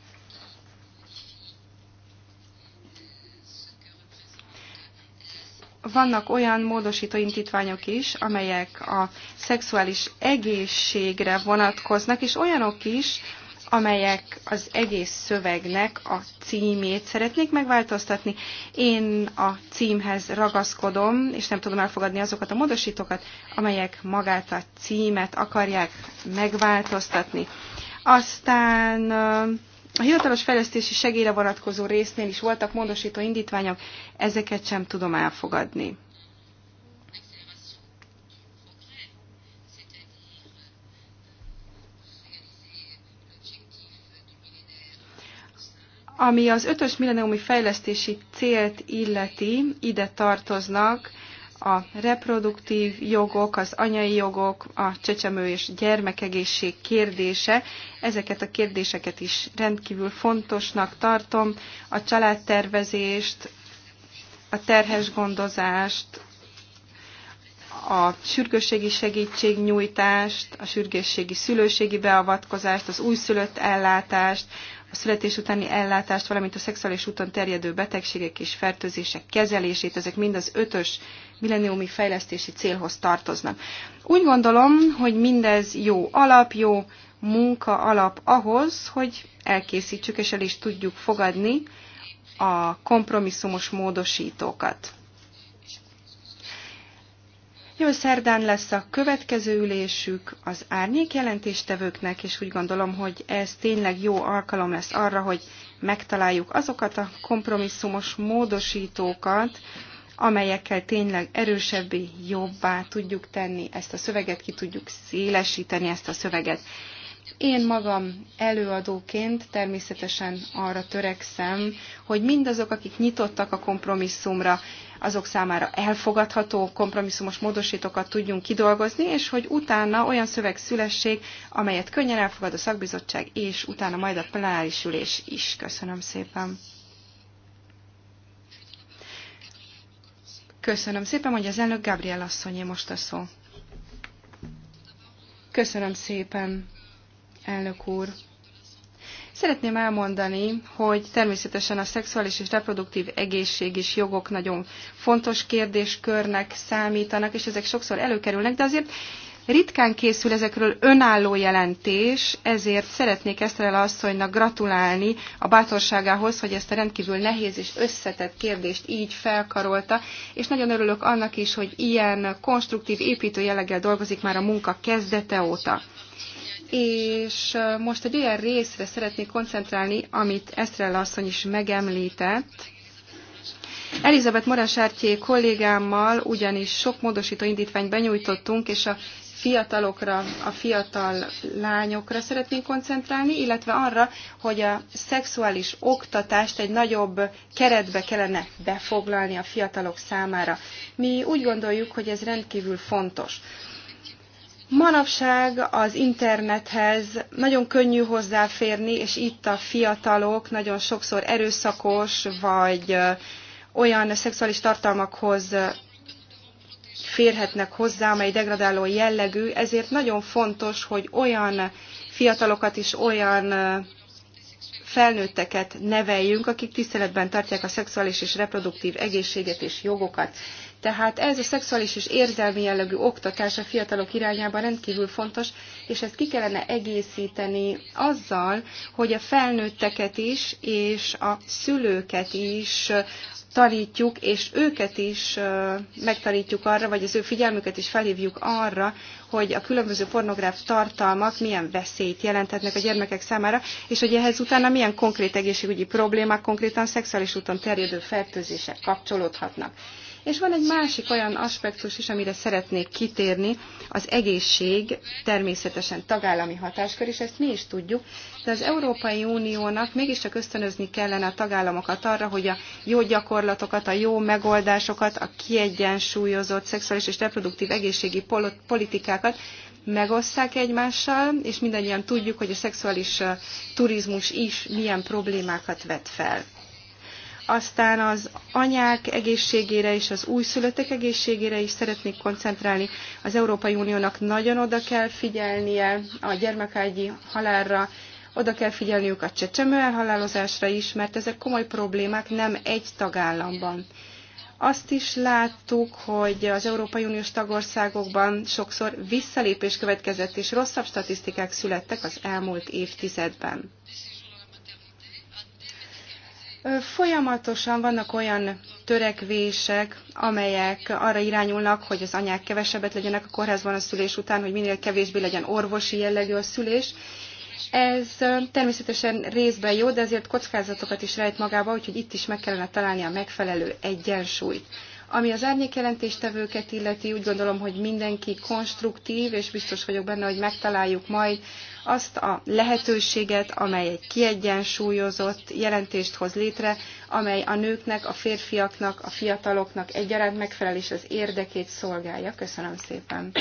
vannak olyan módosító intitványok is, amelyek a szexuális egészségre vonatkoznak, és olyanok is, amelyek az egész szövegnek a címét szeretnék megváltoztatni. Én a címhez ragaszkodom, és nem tudom elfogadni azokat a módosítókat, amelyek magát a címet akarják megváltoztatni. Aztán a hivatalos fejlesztési segélyre vonatkozó résznél is voltak módosító indítványok, ezeket sem tudom elfogadni. Ami az ötös milleniumi fejlesztési célt illeti, ide tartoznak a reproduktív jogok, az anyai jogok, a csecsemő és gyermekegészség kérdése. Ezeket a kérdéseket is rendkívül fontosnak tartom. A családtervezést, a terhes gondozást, a sürgősségi segítségnyújtást, a sürgősségi szülőségi beavatkozást, az újszülött ellátást, a születés utáni ellátást, valamint a szexuális úton terjedő betegségek és fertőzések kezelését, ezek mind az ötös milleniumi fejlesztési célhoz tartoznak. Úgy gondolom, hogy mindez jó alap, jó munka alap ahhoz, hogy elkészítsük és el is tudjuk fogadni a kompromisszumos módosítókat. Jó, szerdán lesz a következő ülésük az árnyék jelentéstevőknek, és úgy gondolom, hogy ez tényleg jó alkalom lesz arra, hogy megtaláljuk azokat a kompromisszumos módosítókat, amelyekkel tényleg erősebbé, jobbá tudjuk tenni ezt a szöveget, ki tudjuk szélesíteni ezt a szöveget. Én magam előadóként természetesen arra törekszem, hogy mindazok, akik nyitottak a kompromisszumra, azok számára elfogadható kompromisszumos módosítókat tudjunk kidolgozni, és hogy utána olyan szöveg szülesség, amelyet könnyen elfogad a szakbizottság, és utána majd a plenáris ülés is. Köszönöm szépen. Köszönöm szépen, hogy az elnök Gabriel asszonyé most a szó. Köszönöm szépen elnök úr! Szeretném elmondani, hogy természetesen a szexuális és reproduktív egészség és jogok nagyon fontos kérdéskörnek számítanak, és ezek sokszor előkerülnek, de azért ritkán készül ezekről önálló jelentés, ezért szeretnék ezt Eszterel asszonynak gratulálni a bátorságához, hogy ezt a rendkívül nehéz és összetett kérdést így felkarolta, és nagyon örülök annak is, hogy ilyen konstruktív építő jelleggel dolgozik már a munka kezdete óta és most egy olyan részre szeretnék koncentrálni, amit Esztrella asszony is megemlített. Elizabeth Morasártyé kollégámmal ugyanis sok módosító indítványt benyújtottunk, és a fiatalokra, a fiatal lányokra szeretnénk koncentrálni, illetve arra, hogy a szexuális oktatást egy nagyobb keretbe kellene befoglalni a fiatalok számára. Mi úgy gondoljuk, hogy ez rendkívül fontos. Manapság az internethez nagyon könnyű hozzáférni, és itt a fiatalok nagyon sokszor erőszakos, vagy olyan szexuális tartalmakhoz férhetnek hozzá, amely degradáló jellegű, ezért nagyon fontos, hogy olyan fiatalokat is olyan felnőtteket neveljünk, akik tiszteletben tartják a szexuális és reproduktív egészséget és jogokat. Tehát ez a szexuális és érzelmi jellegű oktatás a fiatalok irányában rendkívül fontos, és ezt ki kellene egészíteni azzal, hogy a felnőtteket is, és a szülőket is tanítjuk, és őket is megtanítjuk arra, vagy az ő figyelmüket is felhívjuk arra, hogy a különböző pornográf tartalmak milyen veszélyt jelentetnek a gyermekek számára, és hogy ehhez utána milyen konkrét egészségügyi problémák, konkrétan szexuális úton terjedő fertőzések kapcsolódhatnak. És van egy másik olyan aspektus is, amire szeretnék kitérni, az egészség természetesen tagállami hatáskör, és ezt mi is tudjuk, de az Európai Uniónak mégiscsak ösztönözni kellene a tagállamokat arra, hogy a jó gyakorlatokat, a jó megoldásokat, a kiegyensúlyozott szexuális és reproduktív egészségi politikákat megosszák egymással, és mindannyian tudjuk, hogy a szexuális turizmus is milyen problémákat vet fel aztán az anyák egészségére és az újszülöttek egészségére is szeretnék koncentrálni. Az Európai Uniónak nagyon oda kell figyelnie a gyermekágyi halálra, oda kell figyelniük a csecsemő elhalálozásra is, mert ezek komoly problémák nem egy tagállamban. Azt is láttuk, hogy az Európai Uniós tagországokban sokszor visszalépés következett, és rosszabb statisztikák születtek az elmúlt évtizedben. Folyamatosan vannak olyan törekvések, amelyek arra irányulnak, hogy az anyák kevesebbet legyenek a kórházban a szülés után, hogy minél kevésbé legyen orvosi jellegű a szülés. Ez természetesen részben jó, de azért kockázatokat is rejt magába, úgyhogy itt is meg kellene találni a megfelelő egyensúlyt. Ami az árnyékjelentéstevőket illeti, úgy gondolom, hogy mindenki konstruktív, és biztos vagyok benne, hogy megtaláljuk majd azt a lehetőséget, amely egy kiegyensúlyozott jelentést hoz létre, amely a nőknek, a férfiaknak, a fiataloknak egyaránt megfelel és az érdekét szolgálja. Köszönöm szépen!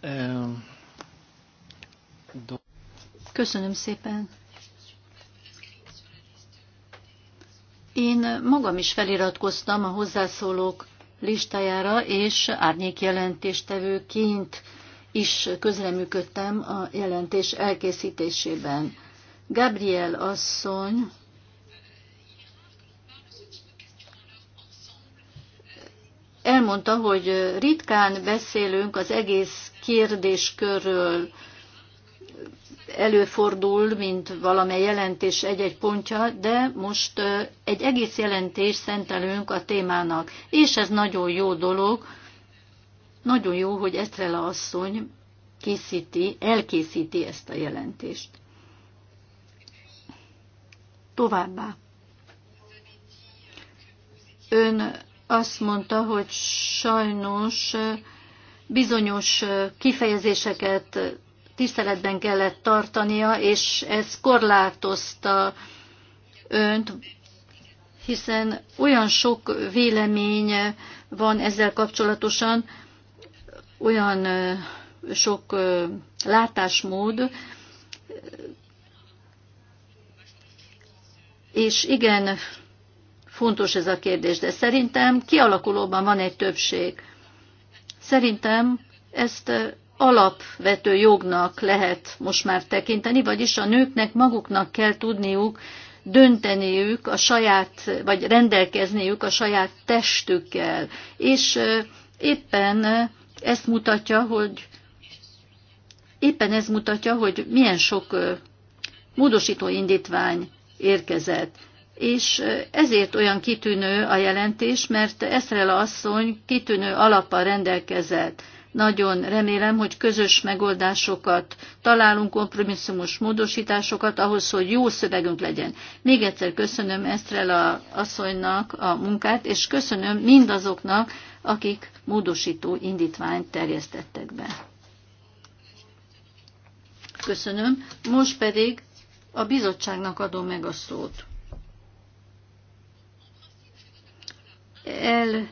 Ehm, Köszönöm szépen! Én magam is feliratkoztam a hozzászólók listájára, és árnyékjelentéstevőként is közreműködtem a jelentés elkészítésében. Gabriel asszony elmondta, hogy ritkán beszélünk az egész kérdéskörről, előfordul, mint valamely jelentés egy-egy pontja, de most egy egész jelentés szentelünk a témának. És ez nagyon jó dolog, nagyon jó, hogy Etrela asszony készíti, elkészíti ezt a jelentést. Továbbá. Ön azt mondta, hogy sajnos bizonyos kifejezéseket tiszteletben kellett tartania, és ez korlátozta önt, hiszen olyan sok vélemény van ezzel kapcsolatosan, olyan sok látásmód, és igen, fontos ez a kérdés, de szerintem kialakulóban van egy többség. Szerintem ezt alapvető jognak lehet most már tekinteni, vagyis a nőknek maguknak kell tudniuk dönteniük a saját, vagy rendelkezniük a saját testükkel. És éppen ezt mutatja, hogy éppen ez mutatja, hogy milyen sok módosító indítvány érkezett. És ezért olyan kitűnő a jelentés, mert Eszrela asszony kitűnő alappal rendelkezett. Nagyon remélem, hogy közös megoldásokat találunk, kompromisszumos módosításokat ahhoz, hogy jó szövegünk legyen. Még egyszer köszönöm a asszonynak a munkát, és köszönöm mindazoknak, akik módosító indítványt terjesztettek be. Köszönöm. Most pedig a bizottságnak adom meg a szót. El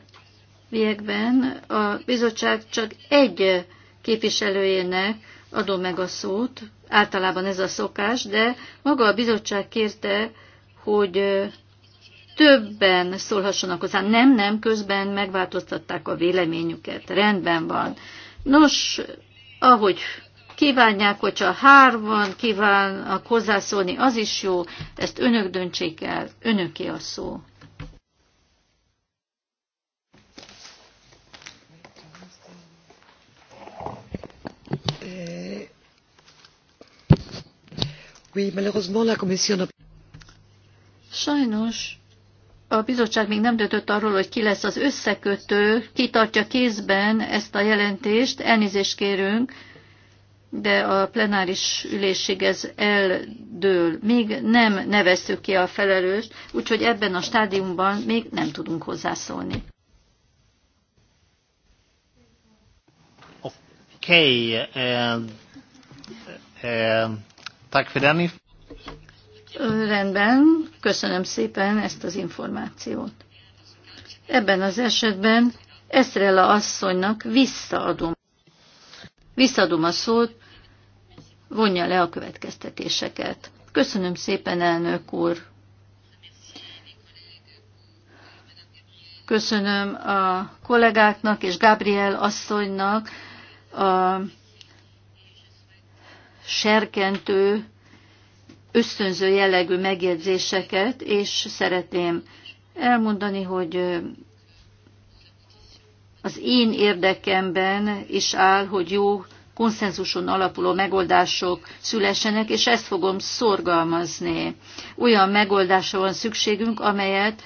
Viekben a bizottság csak egy képviselőjének adom meg a szót, általában ez a szokás, de maga a bizottság kérte, hogy többen szólhassanak hozzá. Nem, nem, közben megváltoztatták a véleményüket. Rendben van. Nos, ahogy kívánják, hogyha van, kívánnak hozzászólni, az is jó, ezt önök döntsék el, önöké a szó. Sajnos a bizottság még nem döntött arról, hogy ki lesz az összekötő, ki tartja kézben ezt a jelentést, elnézést kérünk, de a plenáris ülésig ez eldől. Még nem neveztük ki a felelőst, úgyhogy ebben a stádiumban még nem tudunk hozzászólni. Okay, uh, uh, Tack för den Rendben, köszönöm szépen ezt az információt. Ebben az esetben Eszrela asszonynak visszaadom. Visszadom a szót, vonja le a következtetéseket. Köszönöm szépen, elnök úr. Köszönöm a kollégáknak és Gabriel asszonynak a serkentő, ösztönző jellegű megjegyzéseket, és szeretném elmondani, hogy az én érdekemben is áll, hogy jó konszenzuson alapuló megoldások szülessenek, és ezt fogom szorgalmazni. Olyan megoldásra van szükségünk, amelyet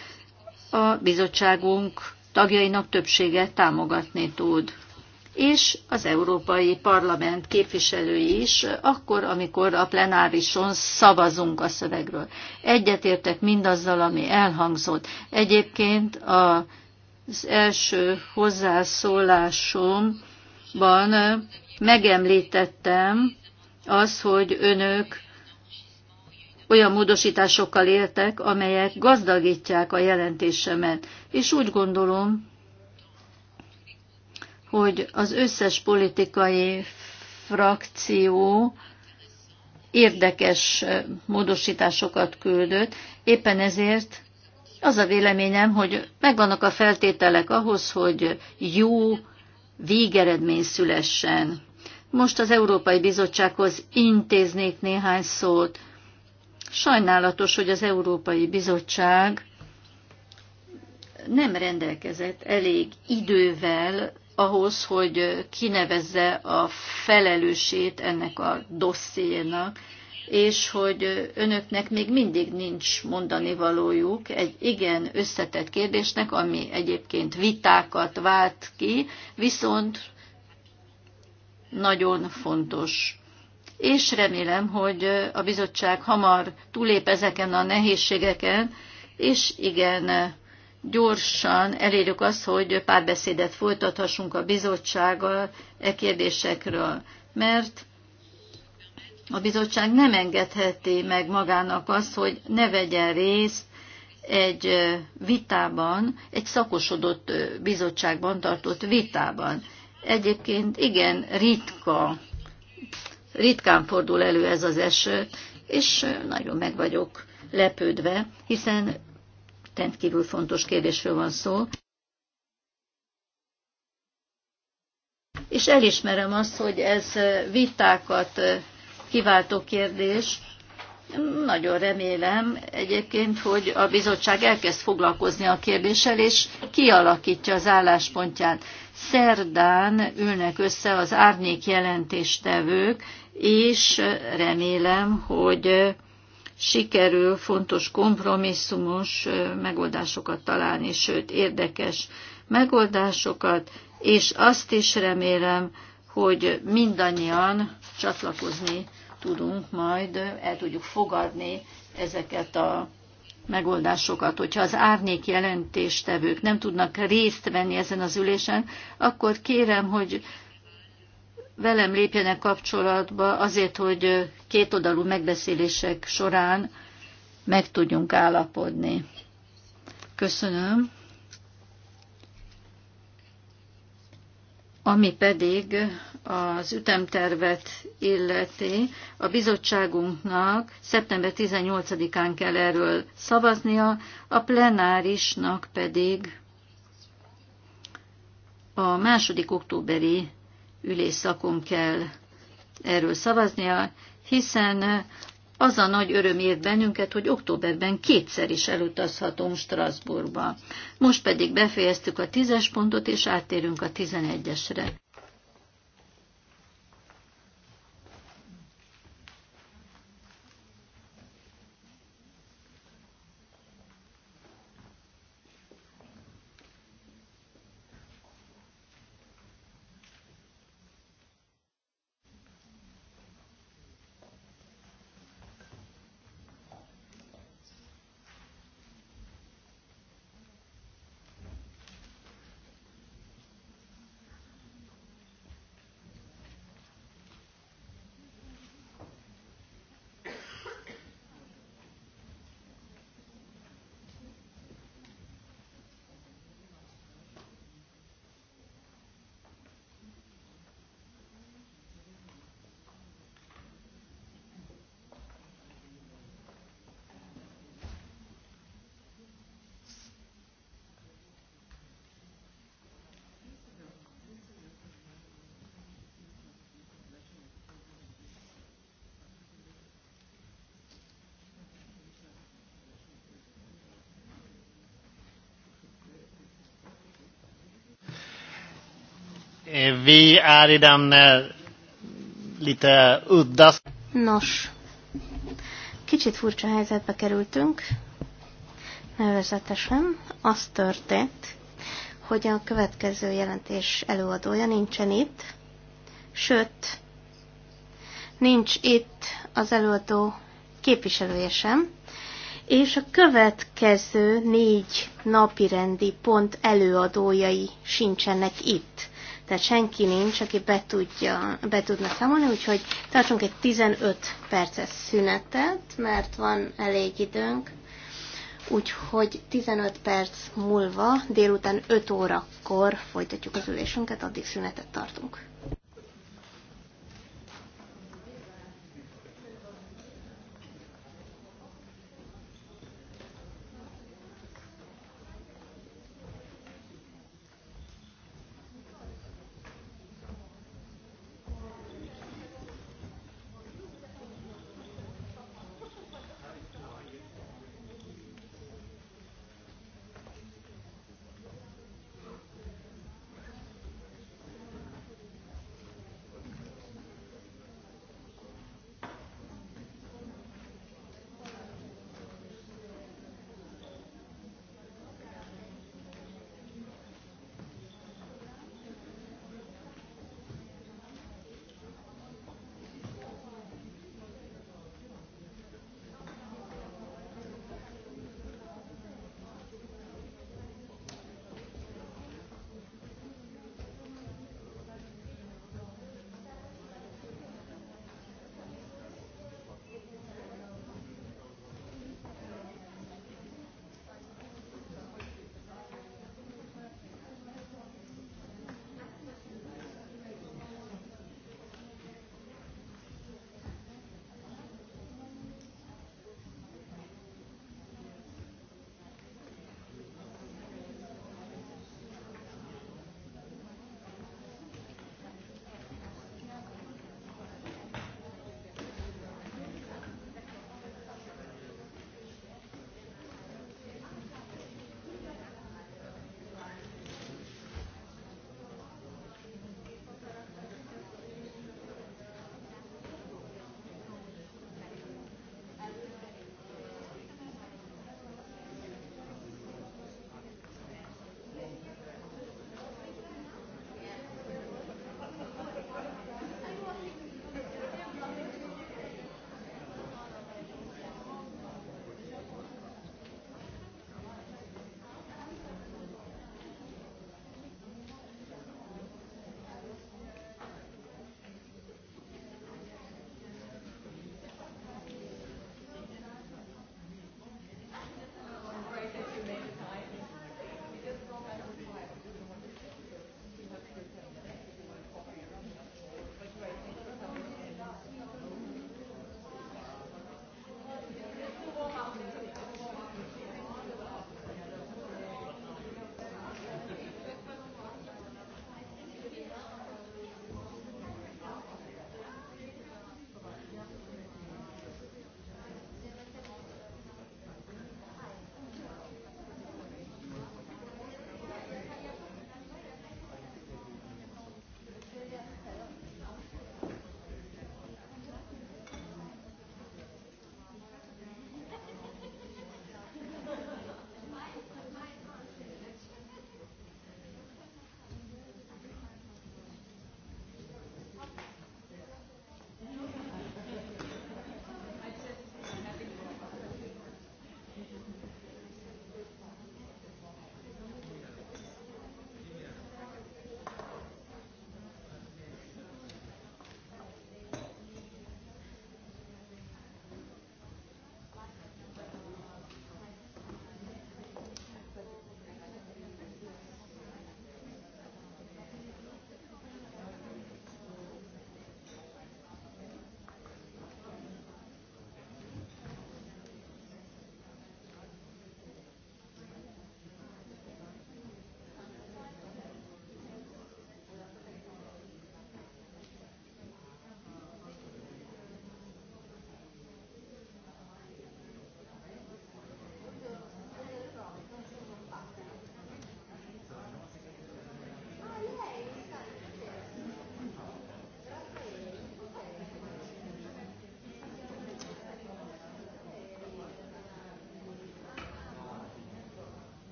a bizottságunk tagjainak többsége támogatni tud és az Európai Parlament képviselői is, akkor, amikor a plenárison szavazunk a szövegről. Egyetértek mindazzal, ami elhangzott. Egyébként az első hozzászólásomban megemlítettem az, hogy önök olyan módosításokkal éltek, amelyek gazdagítják a jelentésemet, és úgy gondolom, hogy az összes politikai frakció érdekes módosításokat küldött. Éppen ezért az a véleményem, hogy megvannak a feltételek ahhoz, hogy jó végeredmény szülessen. Most az Európai Bizottsághoz intéznék néhány szót. Sajnálatos, hogy az Európai Bizottság nem rendelkezett elég idővel ahhoz, hogy kinevezze a felelősét ennek a dossziénak, és hogy önöknek még mindig nincs mondani valójuk egy igen összetett kérdésnek, ami egyébként vitákat vált ki, viszont nagyon fontos. És remélem, hogy a bizottság hamar túlép ezeken a nehézségeken, és igen gyorsan elérjük azt, hogy párbeszédet folytathassunk a bizottsággal e kérdésekről, mert a bizottság nem engedheti meg magának azt, hogy ne vegyen részt egy vitában, egy szakosodott bizottságban tartott vitában. Egyébként igen ritka, ritkán fordul elő ez az eset, és nagyon meg vagyok lepődve, hiszen rendkívül fontos kérdésről van szó. És elismerem azt, hogy ez vitákat kiváltó kérdés. Nagyon remélem egyébként, hogy a bizottság elkezd foglalkozni a kérdéssel, és kialakítja az álláspontját. Szerdán ülnek össze az árnyék jelentéstevők, és remélem, hogy sikerül fontos kompromisszumos megoldásokat találni, sőt érdekes megoldásokat, és azt is remélem, hogy mindannyian csatlakozni tudunk majd, el tudjuk fogadni ezeket a megoldásokat. Hogyha az árnyék jelentéstevők nem tudnak részt venni ezen az ülésen, akkor kérem, hogy velem lépjenek kapcsolatba azért, hogy kétoldalú megbeszélések során meg tudjunk állapodni. Köszönöm. Ami pedig az ütemtervet illeti, a bizottságunknak szeptember 18-án kell erről szavaznia, a plenárisnak pedig a második októberi ülésszakon kell erről szavaznia, hiszen az a nagy öröm ért bennünket, hogy októberben kétszer is elutazhatunk Strasbourgba. Most pedig befejeztük a tízes pontot, és áttérünk a tizenegyesre. Vi är i den e lite udda... Nos, kicsit furcsa helyzetbe kerültünk, nevezetesen az történt, hogy a következő jelentés előadója nincsen itt, sőt, nincs itt az előadó képviselője sem, és a következő négy napirendi pont előadójai sincsenek itt. Tehát senki nincs, aki be, tudja, be tudna számolni, úgyhogy tartsunk egy 15 perces szünetet, mert van elég időnk. Úgyhogy 15 perc múlva, délután 5 órakor folytatjuk az ülésünket, addig szünetet tartunk.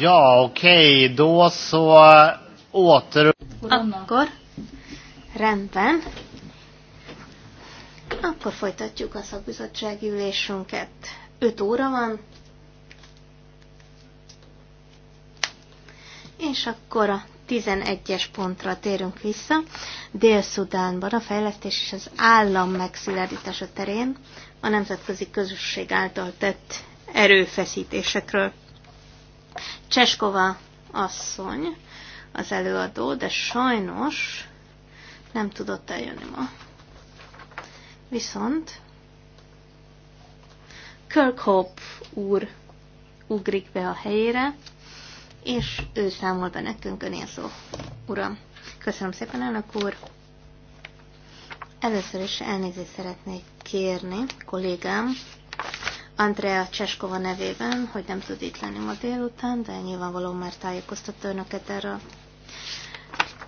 Ja, okej, okay, då så åter... Akkor rendben. Akkor folytatjuk a szakbizottsági ülésünket. 5 óra van. És akkor a 11-es pontra térünk vissza. Dél-Szudánban a fejlesztés és az állam megszilárdítása terén a nemzetközi közösség által tett erőfeszítésekről. Cseskova asszony az előadó, de sajnos nem tudott eljönni ma. Viszont Kirkhope úr ugrik be a helyére, és ő számol be nekünk, önél Uram, köszönöm szépen, elnök úr. Először is elnézést szeretnék kérni kollégám Andrea Cseskova nevében, hogy nem tud itt lenni ma délután, de nyilvánvalóan már tájékoztatta önöket erre.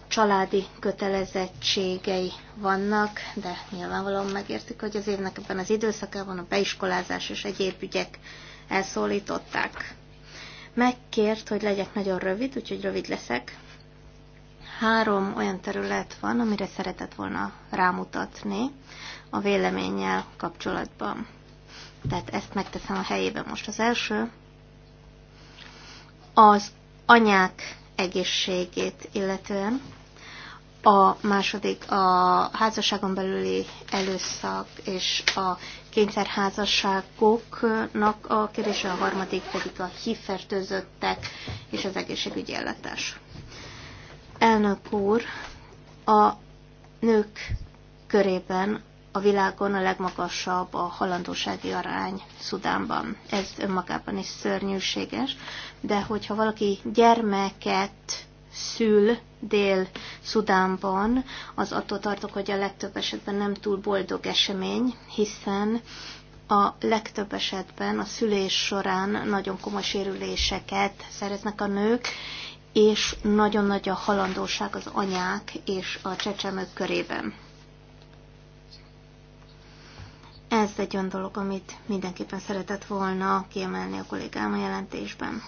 Családi kötelezettségei vannak, de nyilvánvalóan megértik, hogy az évnek ebben az időszakában a beiskolázás és egyéb ügyek elszólították. Megkért, hogy legyek nagyon rövid, úgyhogy rövid leszek. Három olyan terület van, amire szeretett volna rámutatni a véleménnyel kapcsolatban. Tehát ezt megteszem a helyében most az első. Az anyák egészségét illetően, a második a házasságon belüli előszak és a kényszerházasságoknak a kérdése, a harmadik pedig a hívfertőzöttek és az egészségügyi ellátás. Elnök úr, a nők körében a világon a legmagasabb a halandósági arány Szudánban. Ez önmagában is szörnyűséges, de hogyha valaki gyermeket szül Dél-Szudánban, az attól tartok, hogy a legtöbb esetben nem túl boldog esemény, hiszen a legtöbb esetben a szülés során nagyon komoly sérüléseket szereznek a nők, és nagyon nagy a halandóság az anyák és a csecsemők körében. Ez egy olyan dolog, amit mindenképpen szeretett volna kiemelni a kollégám a jelentésben.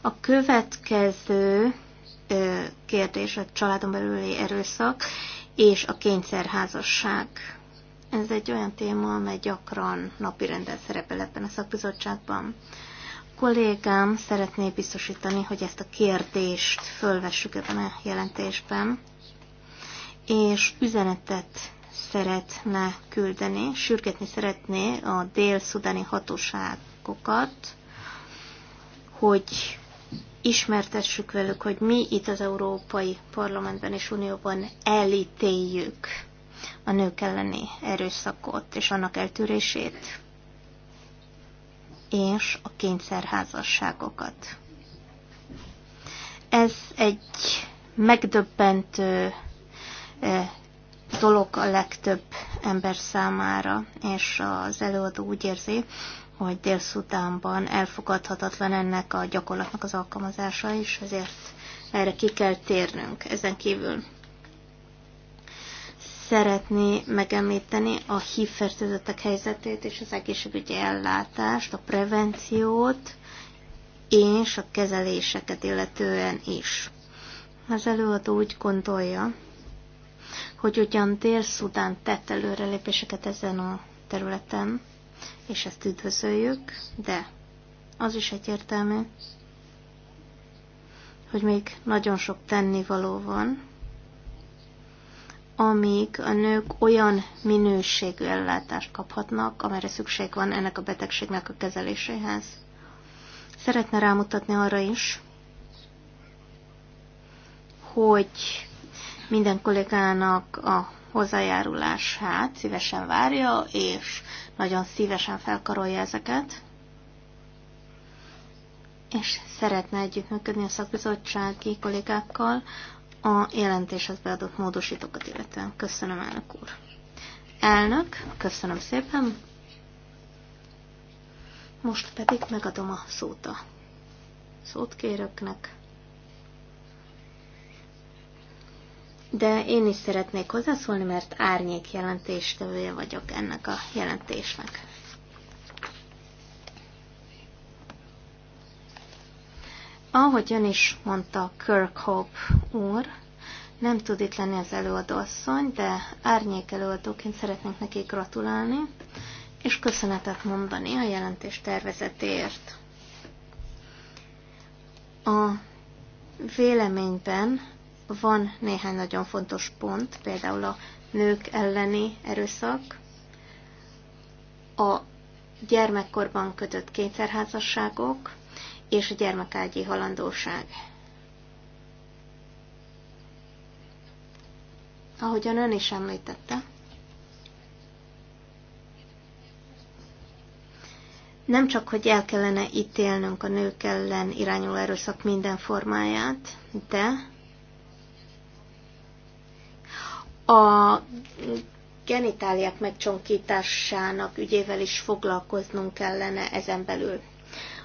A következő kérdés a családon belüli erőszak és a kényszerházasság. Ez egy olyan téma, amely gyakran napirenden szerepel ebben a szakbizottságban. A kollégám szeretné biztosítani, hogy ezt a kérdést fölvessük ebben a jelentésben, és üzenetet szeretne küldeni, sürgetni szeretné a dél-szudáni hatóságokat, hogy ismertessük velük, hogy mi itt az Európai Parlamentben és Unióban elítéljük a nők elleni erőszakot és annak eltűrését, és a kényszerházasságokat. Ez egy megdöbbentő eh, dolog a legtöbb ember számára, és az előadó úgy érzi, hogy Dél-Szudánban elfogadhatatlan ennek a gyakorlatnak az alkalmazása, és ezért erre ki kell térnünk. Ezen kívül szeretné megemlíteni a HIV fertőzöttek helyzetét és az egészségügyi ellátást, a prevenciót és a kezeléseket illetően is. Az előadó úgy gondolja, hogy ugyan Dél-Szudán tett előrelépéseket ezen a területen, és ezt üdvözöljük, de az is egyértelmű, hogy még nagyon sok tennivaló van, amíg a nők olyan minőségű ellátást kaphatnak, amire szükség van ennek a betegségnek a kezeléséhez. Szeretne rámutatni arra is, hogy minden kollégának a hozzájárulását szívesen várja, és nagyon szívesen felkarolja ezeket, és szeretne együttműködni a szakbizottsági kollégákkal a jelentéshez beadott módosítókat illetően. Köszönöm, elnök úr. Elnök, köszönöm szépen. Most pedig megadom a szót a szót kéröknek. de én is szeretnék hozzászólni, mert árnyék jelentéstevője vagyok ennek a jelentésnek. Ahogy ön is mondta Kirkhope úr, nem tud itt lenni az előadóasszony, de árnyék előadóként szeretnénk neki gratulálni, és köszönetet mondani a jelentés tervezetért. A véleményben van néhány nagyon fontos pont, például a nők elleni erőszak, a gyermekkorban kötött kényszerházasságok és a gyermekágyi halandóság. Ahogyan ön is említette, nem csak, hogy el kellene ítélnünk a nők ellen irányuló erőszak minden formáját, de A genitáliák megcsonkításának ügyével is foglalkoznunk kellene ezen belül.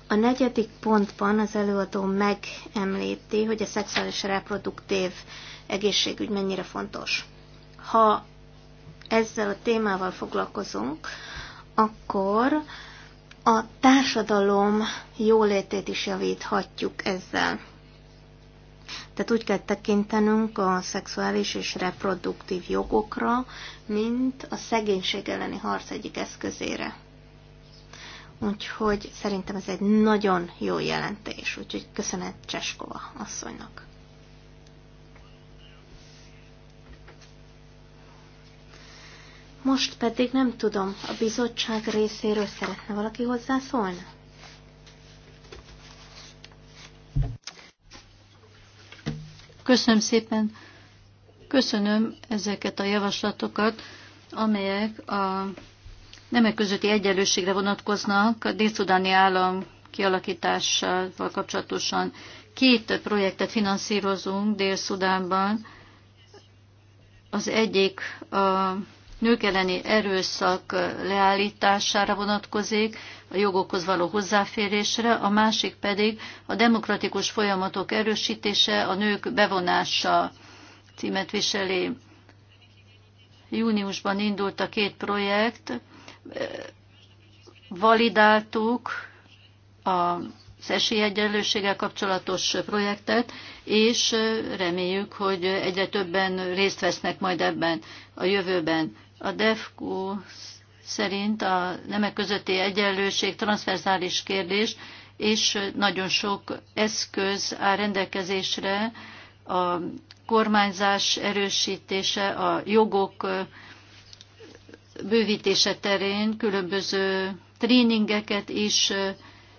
A negyedik pontban az előadó megemlíti, hogy a szexuális reproduktív egészségügy mennyire fontos. Ha ezzel a témával foglalkozunk, akkor a társadalom jólétét is javíthatjuk ezzel. Tehát úgy kell tekintenünk a szexuális és reproduktív jogokra, mint a szegénység elleni harc egyik eszközére. Úgyhogy szerintem ez egy nagyon jó jelentés, úgyhogy köszönet Cseskova asszonynak. Most pedig nem tudom, a bizottság részéről szeretne valaki hozzászólni? Köszönöm szépen, köszönöm ezeket a javaslatokat, amelyek a nemek közötti egyenlőségre vonatkoznak a dél állam kialakításával kapcsolatosan. Két projektet finanszírozunk Dél-Szudánban. Az egyik a nők elleni erőszak leállítására vonatkozik, a jogokhoz való hozzáférésre, a másik pedig a demokratikus folyamatok erősítése, a nők bevonása címet viseli. Júniusban indult a két projekt, validáltuk az esélyegyenlőséggel kapcsolatos projektet, és reméljük, hogy egyre többen részt vesznek majd ebben a jövőben. A DEFCO szerint a nemek közötti egyenlőség transzverzális kérdés, és nagyon sok eszköz áll rendelkezésre a kormányzás erősítése, a jogok bővítése terén különböző tréningeket is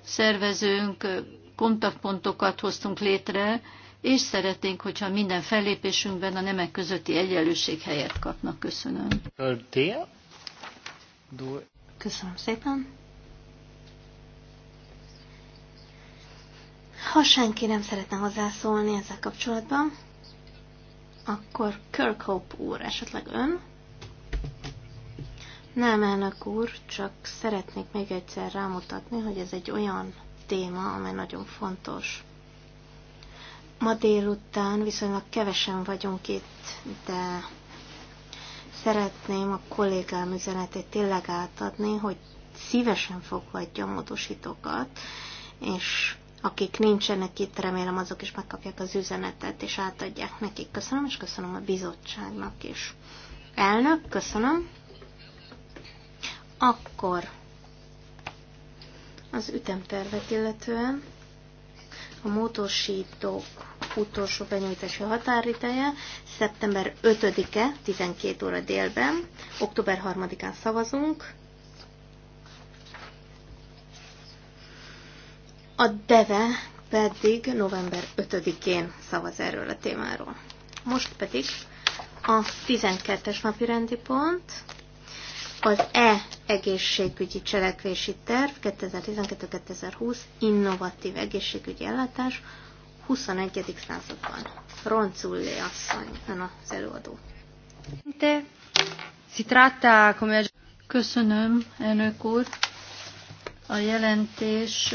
szervezünk, kontaktpontokat hoztunk létre, és szeretnénk, hogyha minden fellépésünkben a nemek közötti egyenlőség helyet kapnak. Köszönöm. Köszönöm szépen. Ha senki nem szeretne hozzászólni ezzel kapcsolatban, akkor Kirkhope úr, esetleg ön? Nem, elnök úr, csak szeretnék még egyszer rámutatni, hogy ez egy olyan téma, amely nagyon fontos. Ma délután viszonylag kevesen vagyunk itt, de szeretném a kollégám üzenetét tényleg átadni, hogy szívesen fogadja a módosítókat, és akik nincsenek itt, remélem azok is megkapják az üzenetet, és átadják nekik. Köszönöm, és köszönöm a bizottságnak is. Elnök, köszönöm. Akkor az ütemtervet illetően. A módosítók utolsó benyújtási határideje szeptember 5-e 12 óra délben, október 3-án szavazunk. A DEVE pedig november 5-én szavaz erről a témáról. Most pedig a 12-es napi rendi pont, az E egészségügyi cselekvési terv 2012-2020 innovatív egészségügyi ellátás 21. században. Roncullé asszony, ön az előadó. Köszönöm, elnök úr. A jelentés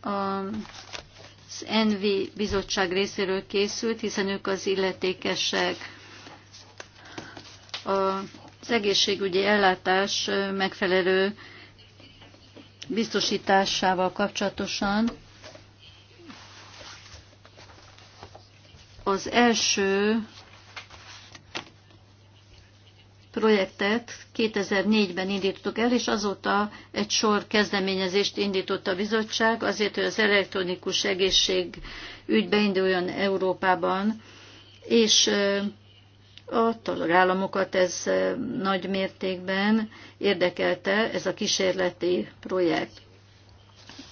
az NV bizottság részéről készült, hiszen ők az illetékesek a az egészségügyi ellátás megfelelő biztosításával kapcsolatosan az első projektet 2004-ben indítottuk el, és azóta egy sor kezdeményezést indított a bizottság azért, hogy az elektronikus egészség ügybe induljon Európában, és a tagállamokat ez nagy mértékben érdekelte, ez a kísérleti projekt.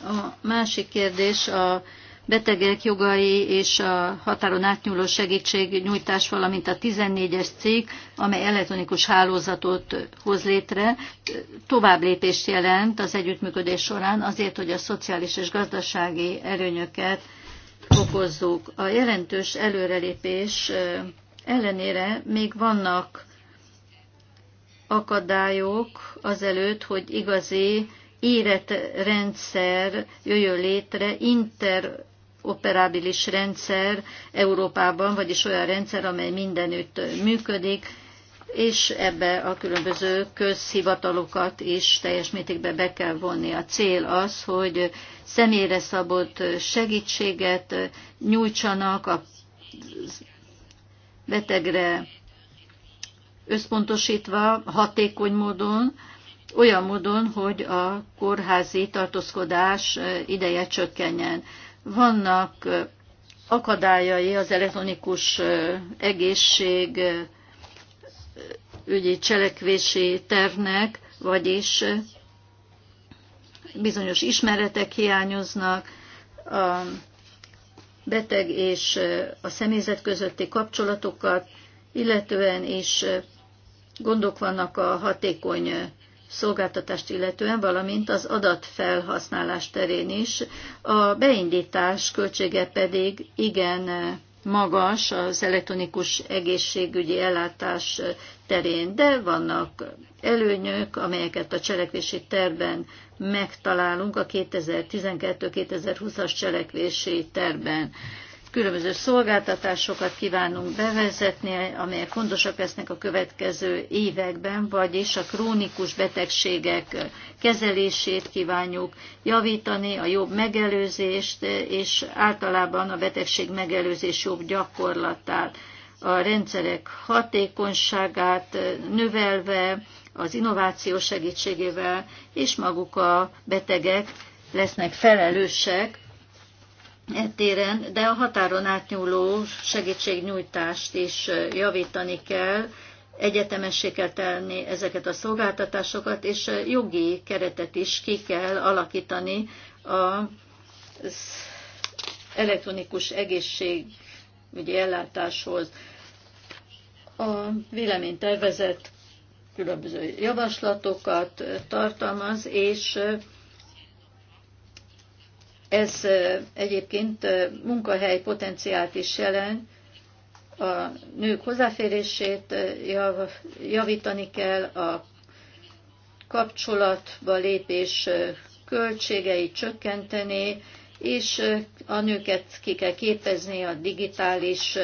A másik kérdés a betegek jogai és a határon átnyúló segítségnyújtás, valamint a 14-es cég, amely elektronikus hálózatot hoz létre, tovább lépést jelent az együttműködés során azért, hogy a szociális és gazdasági előnyöket okozzuk. A jelentős előrelépés ellenére még vannak akadályok azelőtt, hogy igazi érett rendszer jöjjön létre, interoperábilis rendszer Európában, vagyis olyan rendszer, amely mindenütt működik, és ebbe a különböző közhivatalokat is teljes mértékben be kell vonni. A cél az, hogy személyre szabott segítséget nyújtsanak a betegre összpontosítva hatékony módon, olyan módon, hogy a kórházi tartózkodás ideje csökkenjen. Vannak akadályai az elektronikus egészség ügyi cselekvési tervnek, vagyis bizonyos ismeretek hiányoznak, a beteg és a személyzet közötti kapcsolatokat, illetően is gondok vannak a hatékony szolgáltatást illetően, valamint az adatfelhasználás terén is. A beindítás költsége pedig igen magas az elektronikus egészségügyi ellátás terén, de vannak előnyök, amelyeket a cselekvési terben megtalálunk a 2012-2020-as cselekvési terben különböző szolgáltatásokat kívánunk bevezetni, amelyek fontosak lesznek a következő években, vagyis a krónikus betegségek kezelését kívánjuk javítani, a jobb megelőzést, és általában a betegség megelőzés jobb gyakorlatát, a rendszerek hatékonyságát növelve, az innováció segítségével, és maguk a betegek lesznek felelősek E téren, de a határon átnyúló segítségnyújtást is e, javítani kell, egyetemessé kell tenni ezeket a szolgáltatásokat, és e, jogi keretet is ki kell alakítani az elektronikus egészségügyi ellátáshoz. A véleménytervezet különböző javaslatokat tartalmaz, és ez egyébként munkahely potenciált is jelent, a nők hozzáférését javítani kell, a kapcsolatba lépés költségeit csökkenteni, és a nőket ki kell képezni a digitális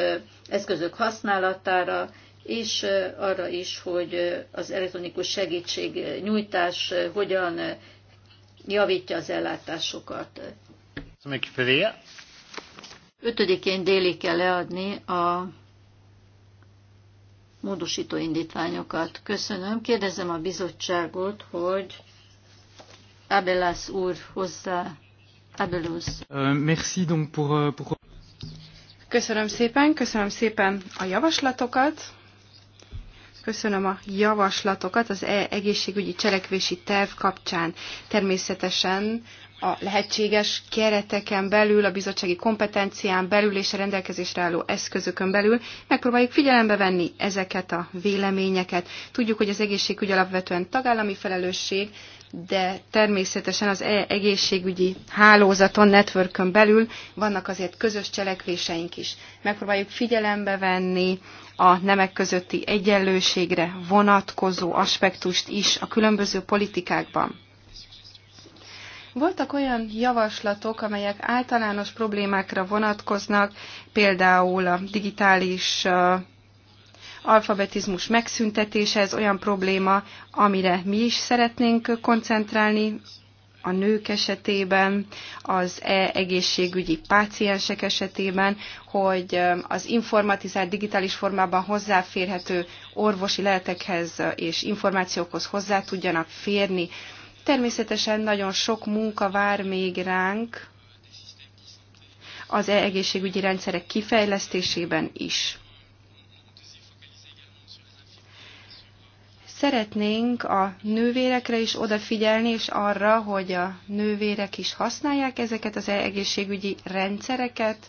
eszközök használatára, és arra is, hogy az elektronikus nyújtás hogyan javítja az ellátásokat. Ötödikén déli kell leadni a módosító indítványokat. Köszönöm. Kérdezem a bizottságot, hogy Abelász úr hozzá. Abelusz. Merci donc pour, euh, pour... Köszönöm szépen, köszönöm szépen a javaslatokat. Köszönöm a javaslatokat az e egészségügyi cselekvési terv kapcsán. Természetesen a lehetséges kereteken belül, a bizottsági kompetencián belül és a rendelkezésre álló eszközökön belül megpróbáljuk figyelembe venni ezeket a véleményeket. Tudjuk, hogy az egészségügy alapvetően tagállami felelősség, de természetesen az e egészségügyi hálózaton, networkön belül vannak azért közös cselekvéseink is. Megpróbáljuk figyelembe venni a nemek közötti egyenlőségre vonatkozó aspektust is a különböző politikákban. Voltak olyan javaslatok, amelyek általános problémákra vonatkoznak, például a digitális alfabetizmus megszüntetése, ez olyan probléma, amire mi is szeretnénk koncentrálni a nők esetében, az e egészségügyi páciensek esetében, hogy az informatizált digitális formában hozzáférhető orvosi lehetekhez és információkhoz hozzá tudjanak férni Természetesen nagyon sok munka vár még ránk az egészségügyi rendszerek kifejlesztésében is. Szeretnénk a nővérekre is odafigyelni, és arra, hogy a nővérek is használják ezeket az egészségügyi rendszereket,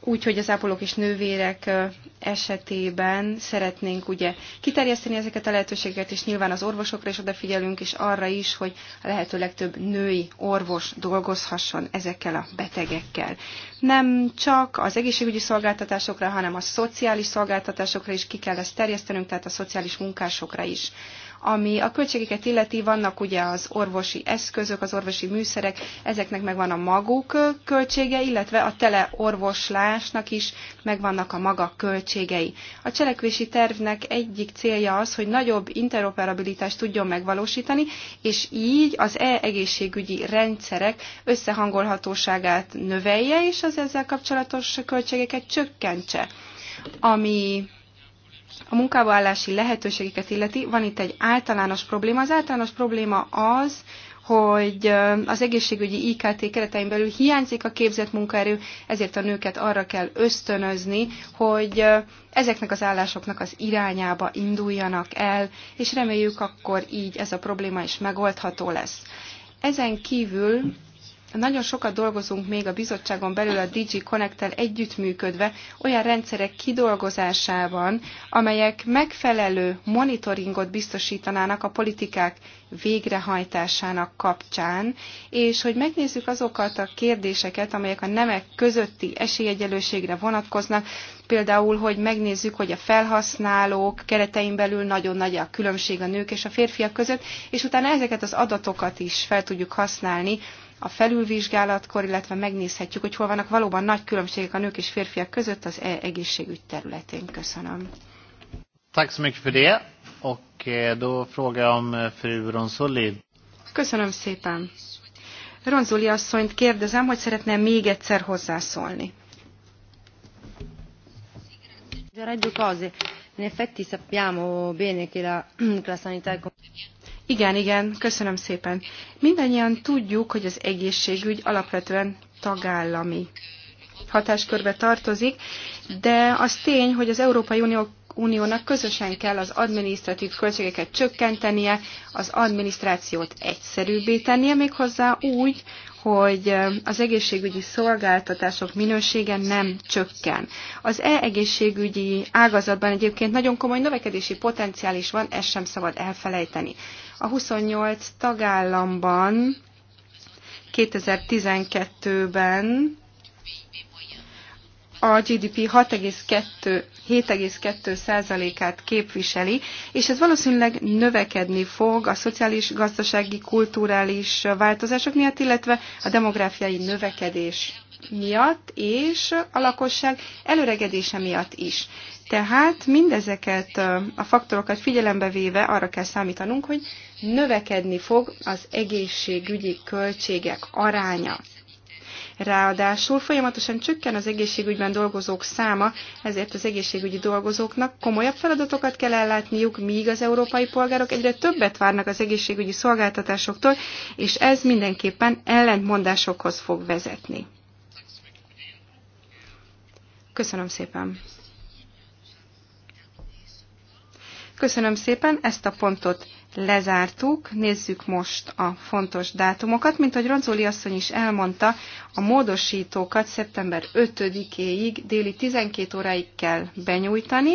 Úgyhogy az ápolók és nővérek esetében szeretnénk ugye kiterjeszteni ezeket a lehetőségeket, és nyilván az orvosokra is odafigyelünk, és arra is, hogy a lehető legtöbb női orvos dolgozhasson ezekkel a betegekkel. Nem csak az egészségügyi szolgáltatásokra, hanem a szociális szolgáltatásokra is ki kell ezt terjesztenünk, tehát a szociális munkásokra is. Ami a költségeket illeti, vannak ugye az orvosi eszközök, az orvosi műszerek, ezeknek megvan a maguk költsége, illetve a teleorvoslásnak is megvannak a maga költségei. A cselekvési tervnek egyik célja az, hogy nagyobb interoperabilitást tudjon megvalósítani, és így az e-egészségügyi rendszerek összehangolhatóságát növelje, és az ezzel kapcsolatos költségeket csökkentse. Ami a munkába állási lehetőségeket illeti, van itt egy általános probléma. Az általános probléma az, hogy az egészségügyi IKT keretein belül hiányzik a képzett munkaerő, ezért a nőket arra kell ösztönözni, hogy ezeknek az állásoknak az irányába induljanak el, és reméljük akkor így ez a probléma is megoldható lesz. Ezen kívül nagyon sokat dolgozunk még a bizottságon belül a DG Connect-tel együttműködve olyan rendszerek kidolgozásában, amelyek megfelelő monitoringot biztosítanának a politikák végrehajtásának kapcsán, és hogy megnézzük azokat a kérdéseket, amelyek a nemek közötti esélyegyelőségre vonatkoznak, például, hogy megnézzük, hogy a felhasználók keretein belül nagyon nagy a különbség a nők és a férfiak között, és utána ezeket az adatokat is fel tudjuk használni a felülvizsgálatkor, illetve megnézhetjük, hogy hol vannak valóban nagy különbségek a nők és férfiak között az e egészségügy területén. Köszönöm. Tack så mycket för det. Och eh, då frågar jag om eh, fru Köszönöm szépen. Ronzuli asszonyt kérdezem, hogy szeretne még egyszer hozzászólni. Due cose. In effetti sappiamo bene che la, la sanità è igen, igen, köszönöm szépen. Mindannyian tudjuk, hogy az egészségügy alapvetően tagállami hatáskörbe tartozik, de az tény, hogy az Európai Unió Uniónak közösen kell az adminisztratív költségeket csökkentenie, az adminisztrációt egyszerűbbé tennie, méghozzá úgy, hogy az egészségügyi szolgáltatások minősége nem csökken. Az e-egészségügyi ágazatban egyébként nagyon komoly növekedési potenciál is van, ezt sem szabad elfelejteni. A 28 tagállamban 2012-ben a GDP 7,2%-át képviseli, és ez valószínűleg növekedni fog a szociális, gazdasági, kulturális változások miatt, illetve a demográfiai növekedés miatt, és a lakosság előregedése miatt is. Tehát mindezeket a faktorokat figyelembe véve arra kell számítanunk, hogy növekedni fog az egészségügyi költségek aránya. Ráadásul folyamatosan csökken az egészségügyben dolgozók száma, ezért az egészségügyi dolgozóknak komolyabb feladatokat kell ellátniuk, míg az európai polgárok egyre többet várnak az egészségügyi szolgáltatásoktól, és ez mindenképpen ellentmondásokhoz fog vezetni. Köszönöm szépen! Köszönöm szépen, ezt a pontot lezártuk. Nézzük most a fontos dátumokat. Mint ahogy Ronzóli asszony is elmondta, a módosítókat szeptember 5-éig déli 12 óráig kell benyújtani.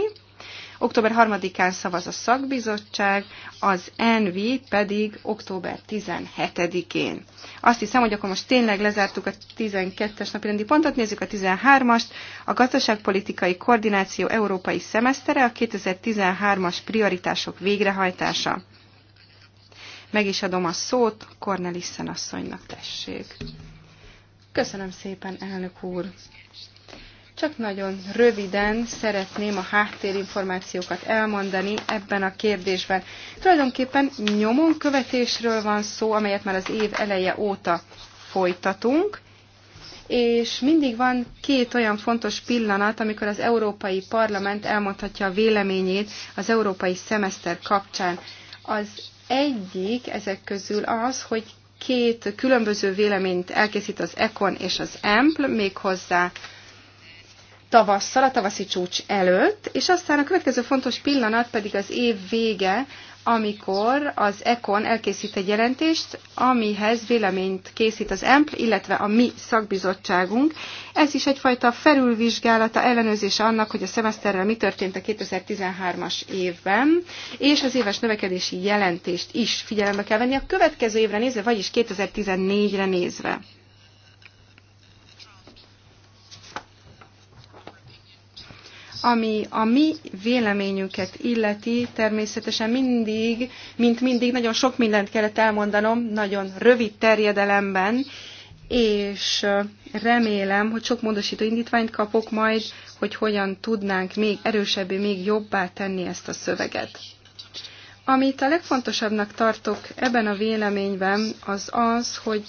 Október 3-án szavaz a szakbizottság, az NV pedig október 17-én. Azt hiszem, hogy akkor most tényleg lezártuk a 12-es rendi pontot, nézzük a 13-ast. A gazdaságpolitikai koordináció európai szemesztere, a 2013-as prioritások végrehajtása. Meg is adom a szót Cornelissen asszonynak, tessék. Köszönöm szépen, elnök úr. Csak nagyon röviden szeretném a háttérinformációkat elmondani ebben a kérdésben. Tulajdonképpen nyomon követésről van szó, amelyet már az év eleje óta folytatunk, és mindig van két olyan fontos pillanat, amikor az Európai Parlament elmondhatja a véleményét az európai szemeszter kapcsán. Az egyik ezek közül az, hogy két különböző véleményt elkészít az Econ és az Ampl, méghozzá tavasszal, a tavaszi csúcs előtt, és aztán a következő fontos pillanat pedig az év vége, amikor az ECON elkészít egy jelentést, amihez véleményt készít az EMPL, illetve a mi szakbizottságunk. Ez is egyfajta felülvizsgálata, ellenőrzése annak, hogy a szemeszterrel mi történt a 2013-as évben, és az éves növekedési jelentést is figyelembe kell venni a következő évre nézve, vagyis 2014-re nézve. Ami a mi véleményünket illeti, természetesen mindig, mint mindig, nagyon sok mindent kellett elmondanom, nagyon rövid terjedelemben, és remélem, hogy sok módosító indítványt kapok majd, hogy hogyan tudnánk még erősebbé, még jobbá tenni ezt a szöveget. Amit a legfontosabbnak tartok ebben a véleményben, az az, hogy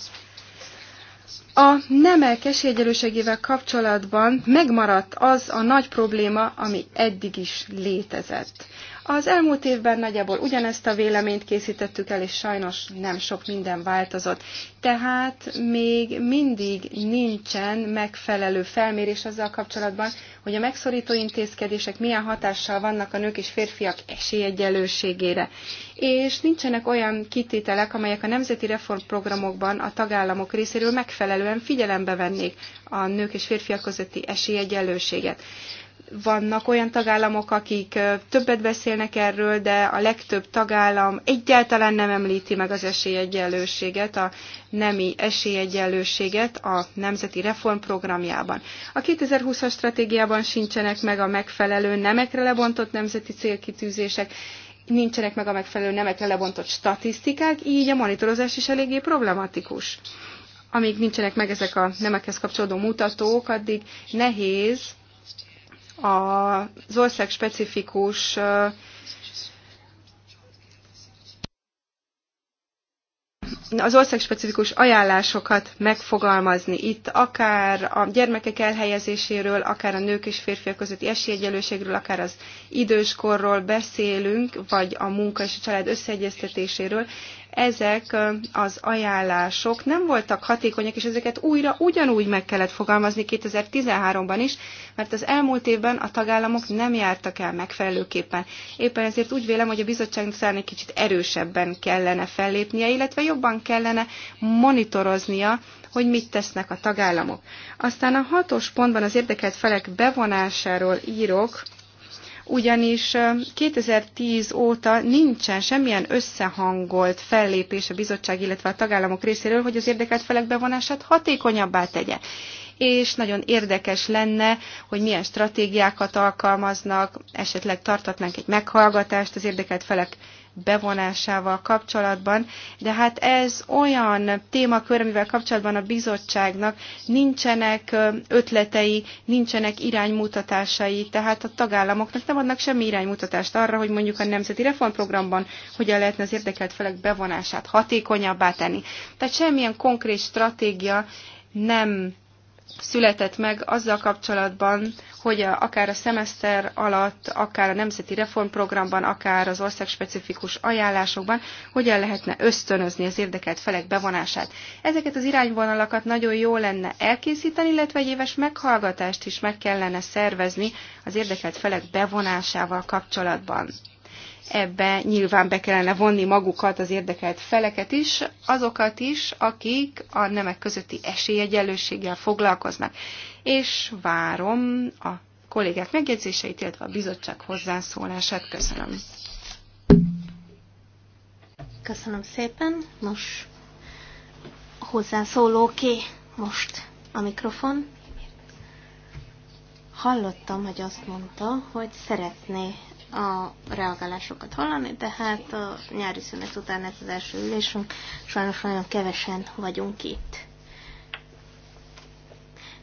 a nemek esélyegyelőségével kapcsolatban megmaradt az a nagy probléma, ami eddig is létezett. Az elmúlt évben nagyjából ugyanezt a véleményt készítettük el, és sajnos nem sok minden változott. Tehát még mindig nincsen megfelelő felmérés azzal kapcsolatban, hogy a megszorító intézkedések milyen hatással vannak a nők és férfiak esélyegyelőségére. És nincsenek olyan kitételek, amelyek a nemzeti reformprogramokban a tagállamok részéről megfelelően figyelembe vennék a nők és férfiak közötti esélyegyelőséget vannak olyan tagállamok, akik többet beszélnek erről, de a legtöbb tagállam egyáltalán nem említi meg az esélyegyenlőséget, a nemi esélyegyenlőséget a Nemzeti Reformprogramjában. A 2020-as stratégiában sincsenek meg a megfelelő nemekre lebontott nemzeti célkitűzések, nincsenek meg a megfelelő nemekre lebontott statisztikák, így a monitorozás is eléggé problematikus. Amíg nincsenek meg ezek a nemekhez kapcsolódó mutatók, addig nehéz az ország specifikus az országspecifikus ajánlásokat megfogalmazni. Itt akár a gyermekek elhelyezéséről, akár a nők és férfiak közötti esélyegyelőségről, akár az időskorról beszélünk, vagy a munka és a család összeegyeztetéséről ezek az ajánlások nem voltak hatékonyak, és ezeket újra ugyanúgy meg kellett fogalmazni 2013-ban is, mert az elmúlt évben a tagállamok nem jártak el megfelelőképpen. Éppen ezért úgy vélem, hogy a bizottság szállni kicsit erősebben kellene fellépnie, illetve jobban kellene monitoroznia, hogy mit tesznek a tagállamok. Aztán a hatos pontban az érdekelt felek bevonásáról írok, ugyanis 2010 óta nincsen semmilyen összehangolt fellépés a bizottság, illetve a tagállamok részéről, hogy az érdekelt felek bevonását hatékonyabbá tegye és nagyon érdekes lenne, hogy milyen stratégiákat alkalmaznak, esetleg tartatnánk egy meghallgatást az érdekelt felek bevonásával kapcsolatban, de hát ez olyan témakör, amivel kapcsolatban a bizottságnak nincsenek ötletei, nincsenek iránymutatásai, tehát a tagállamoknak nem adnak semmi iránymutatást arra, hogy mondjuk a Nemzeti Reformprogramban hogyan lehetne az érdekelt felek bevonását hatékonyabbá tenni. Tehát semmilyen konkrét stratégia nem született meg azzal kapcsolatban, hogy akár a szemeszter alatt, akár a nemzeti reformprogramban, akár az országspecifikus ajánlásokban hogyan lehetne ösztönözni az érdekelt felek bevonását. Ezeket az irányvonalakat nagyon jó lenne elkészíteni, illetve egy éves meghallgatást is meg kellene szervezni az érdekelt felek bevonásával kapcsolatban ebbe nyilván be kellene vonni magukat, az érdekelt feleket is, azokat is, akik a nemek közötti esélyegyenlőséggel foglalkoznak. És várom a kollégák megjegyzéseit, illetve a bizottság hozzászólását. Köszönöm. Köszönöm szépen. Nos, hozzászólóké most a mikrofon. Hallottam, hogy azt mondta, hogy szeretné a reagálásokat hallani, tehát a nyári szünet után ez az első ülésünk, sajnos nagyon kevesen vagyunk itt.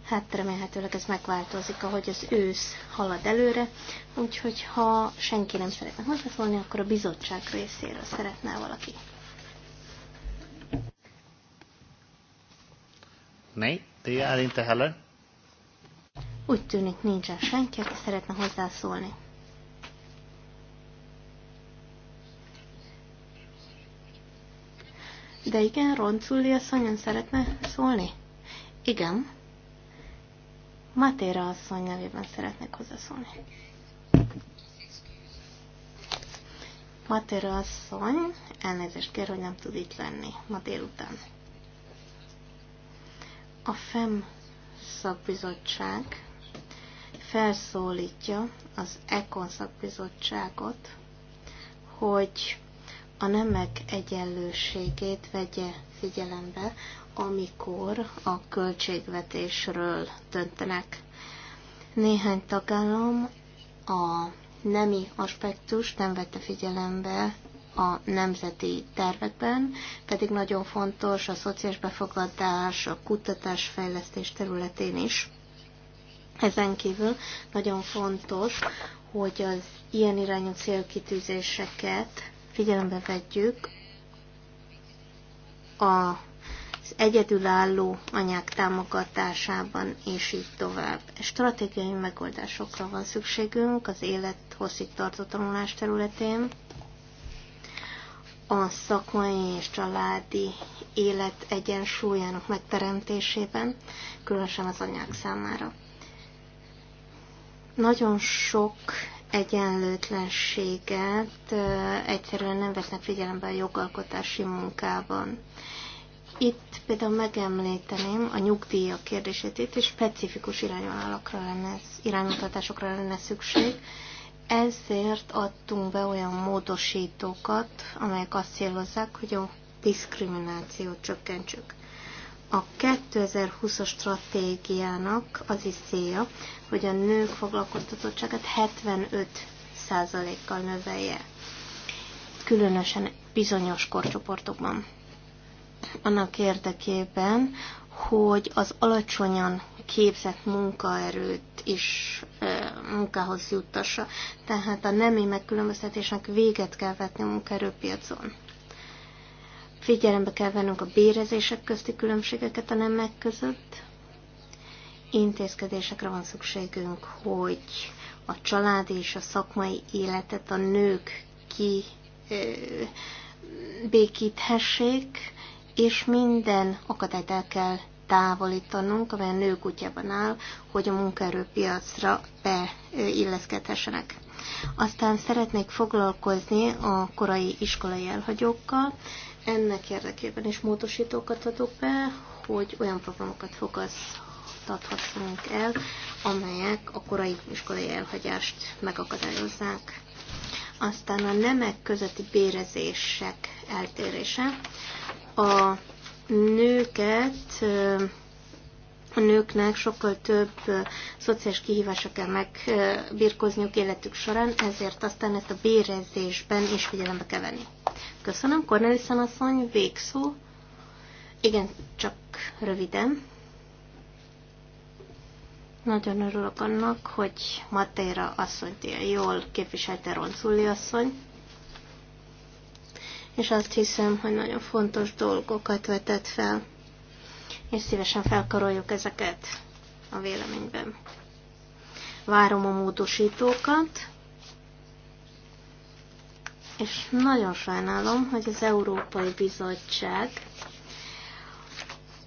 Hát remélhetőleg ez megváltozik, ahogy az ősz halad előre, úgyhogy ha senki nem szeretne hozzászólni, akkor a bizottság részéről szeretne valaki. Nej, ti är er inte heller. Úgy tűnik nincsen senki, aki szeretne hozzászólni. De igen, Ronculli asszonyon szeretne szólni? Igen. Matéra asszony nevében szeretnék hozzászólni. Matéra asszony, elnézést kér, hogy nem tud itt lenni ma délután. A FEM szakbizottság felszólítja az ECON szakbizottságot, hogy a nemek egyenlőségét vegye figyelembe, amikor a költségvetésről döntenek. Néhány tagállam a nemi aspektus nem vette figyelembe a nemzeti tervekben, pedig nagyon fontos a szociális befogadás, a kutatásfejlesztés területén is. Ezen kívül nagyon fontos, hogy az ilyen irányú célkitűzéseket figyelembe vegyük a az egyedülálló anyák támogatásában, és így tovább. Stratégiai megoldásokra van szükségünk az élet hosszígtartó tartó tanulás területén, a szakmai és családi élet egyensúlyának megteremtésében, különösen az anyák számára. Nagyon sok egyenlőtlenséget egyszerűen nem vesznek figyelembe a jogalkotási munkában. Itt például megemlíteném a nyugdíjak kérdését, itt és specifikus irányvonalakra lenne, irányutatásokra lenne szükség. Ezért adtunk be olyan módosítókat, amelyek azt célozzák, hogy a diszkriminációt csökkentsük. A 2020-as stratégiának az is célja, hogy a nők foglalkoztatottságát 75%-kal növelje, különösen bizonyos korcsoportokban. Annak érdekében, hogy az alacsonyan képzett munkaerőt is munkához juttassa. Tehát a nemi megkülönböztetésnek véget kell vetni a munkaerőpiacon. Figyelembe kell vennünk a bérezések közti különbségeket a nemek között. Intézkedésekre van szükségünk, hogy a család és a szakmai életet a nők ki békíthessék, és minden akadályt el kell távolítanunk, amely a nők útjában áll, hogy a munkaerőpiacra beilleszkedhessenek. Aztán szeretnék foglalkozni a korai iskolai elhagyókkal ennek érdekében is módosítókat adok be, hogy olyan programokat fogadhatunk el, amelyek a korai iskolai elhagyást megakadályozzák. Aztán a nemek közötti bérezések eltérése. A nőket a nőknek sokkal több szociális kihívásra kell megbirkozniuk életük során, ezért aztán ezt a bérezésben is figyelembe kell venni. Köszönöm, Cornelissen asszony, végszó. Igen, csak röviden. Nagyon örülök annak, hogy Matéra asszonyt jól képviselte Roncúli asszony, és azt hiszem, hogy nagyon fontos dolgokat vetett fel, és szívesen felkaroljuk ezeket a véleményben. Várom a módosítókat, és nagyon sajnálom, hogy az Európai Bizottság,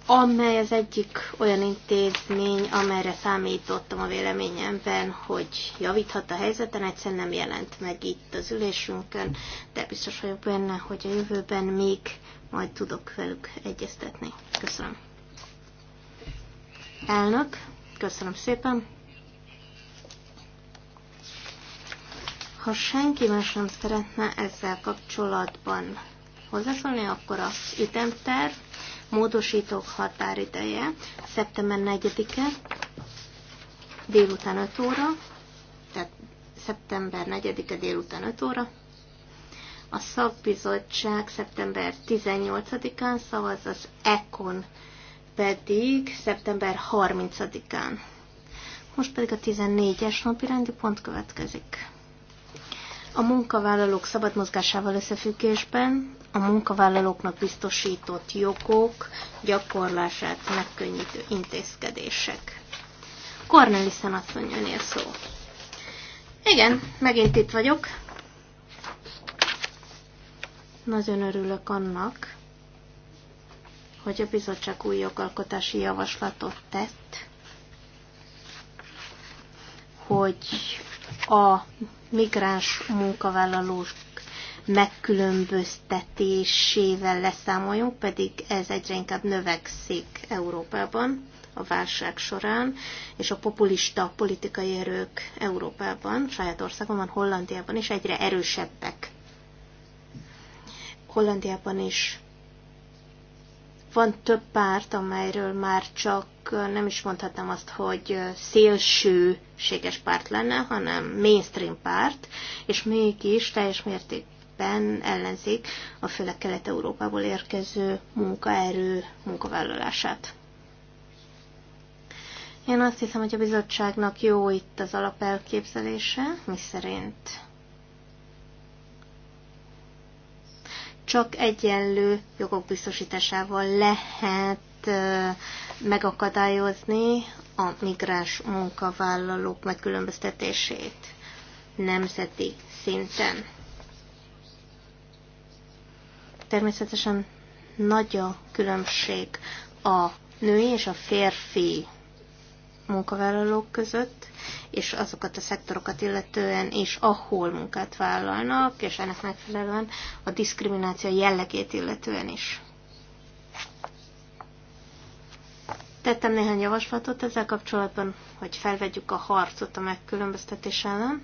amely az egyik olyan intézmény, amelyre számítottam a véleményemben, hogy javíthat a helyzeten, egyszerűen nem jelent meg itt az ülésünkön, de biztos vagyok benne, hogy a jövőben még majd tudok velük egyeztetni. Köszönöm. Elnök, köszönöm szépen. Ha senki más nem szeretne ezzel kapcsolatban hozzászólni, akkor az ütemterv, módosítók határideje szeptember 4-e, délután 5 óra, tehát szeptember 4-e délután 5 óra, a szakbizottság szeptember 18-án szavaz, az ECON pedig szeptember 30-án. Most pedig a 14-es napi rendi pont következik a munkavállalók szabad mozgásával összefüggésben a munkavállalóknak biztosított jogok gyakorlását megkönnyítő intézkedések. azt mondja, önél szó. Igen, megint itt vagyok. Nagyon örülök annak, hogy a bizottság új jogalkotási javaslatot tett, hogy a migráns munkavállalók megkülönböztetésével leszámoljunk, pedig ez egyre inkább növekszik Európában a válság során, és a populista politikai erők Európában, saját országomban, Hollandiában is egyre erősebbek. Hollandiában is van több párt, amelyről már csak nem is mondhatnám azt, hogy szélsőséges párt lenne, hanem mainstream párt, és mégis teljes mértékben ellenzik a főleg Kelet-Európából érkező munkaerő munkavállalását. Én azt hiszem, hogy a bizottságnak jó itt az alapelképzelése, mi szerint csak egyenlő jogok biztosításával lehet megakadályozni a migráns munkavállalók megkülönböztetését nemzeti szinten. Természetesen nagy a különbség a női és a férfi munkavállalók között, és azokat a szektorokat illetően is, ahol munkát vállalnak, és ennek megfelelően a diszkrimináció jellegét illetően is. Tettem néhány javaslatot ezzel kapcsolatban, hogy felvegyük a harcot a megkülönböztetés ellen.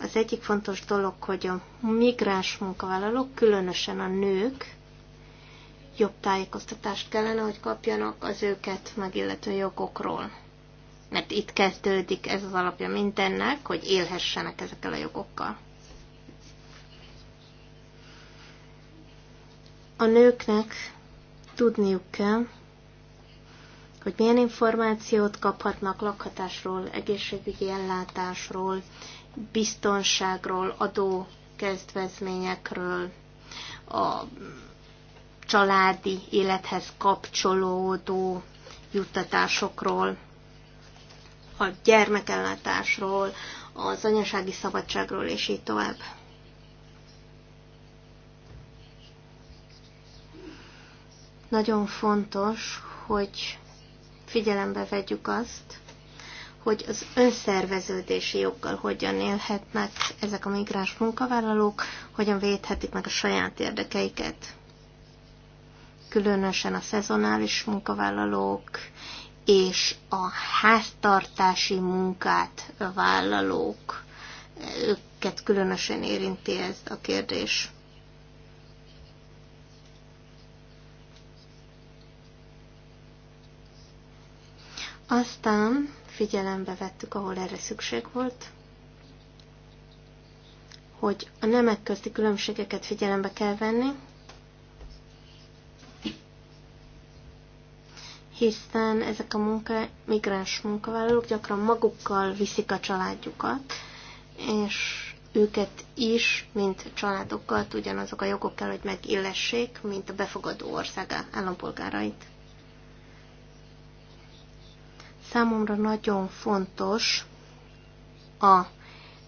Az egyik fontos dolog, hogy a migráns munkavállalók, különösen a nők, jobb tájékoztatást kellene, hogy kapjanak az őket megillető jogokról. Mert itt kezdődik ez az alapja mindennek, hogy élhessenek ezekkel a jogokkal. A nőknek tudniuk kell, hogy milyen információt kaphatnak lakhatásról, egészségügyi ellátásról, biztonságról, adó kezdvezményekről, a családi élethez kapcsolódó juttatásokról, a gyermekellátásról, az anyasági szabadságról, és így tovább. Nagyon fontos, hogy figyelembe vegyük azt, hogy az önszerveződési joggal hogyan élhetnek ezek a migráns munkavállalók, hogyan védhetik meg a saját érdekeiket. Különösen a szezonális munkavállalók és a háztartási munkát vállalók, őket különösen érinti ez a kérdés. Aztán figyelembe vettük, ahol erre szükség volt, hogy a nemek közti különbségeket figyelembe kell venni, hiszen ezek a munka, migráns munkavállalók gyakran magukkal viszik a családjukat, és őket is, mint családokat ugyanazok a jogok kell, hogy megillessék, mint a befogadó ország állampolgárait. Számomra nagyon fontos a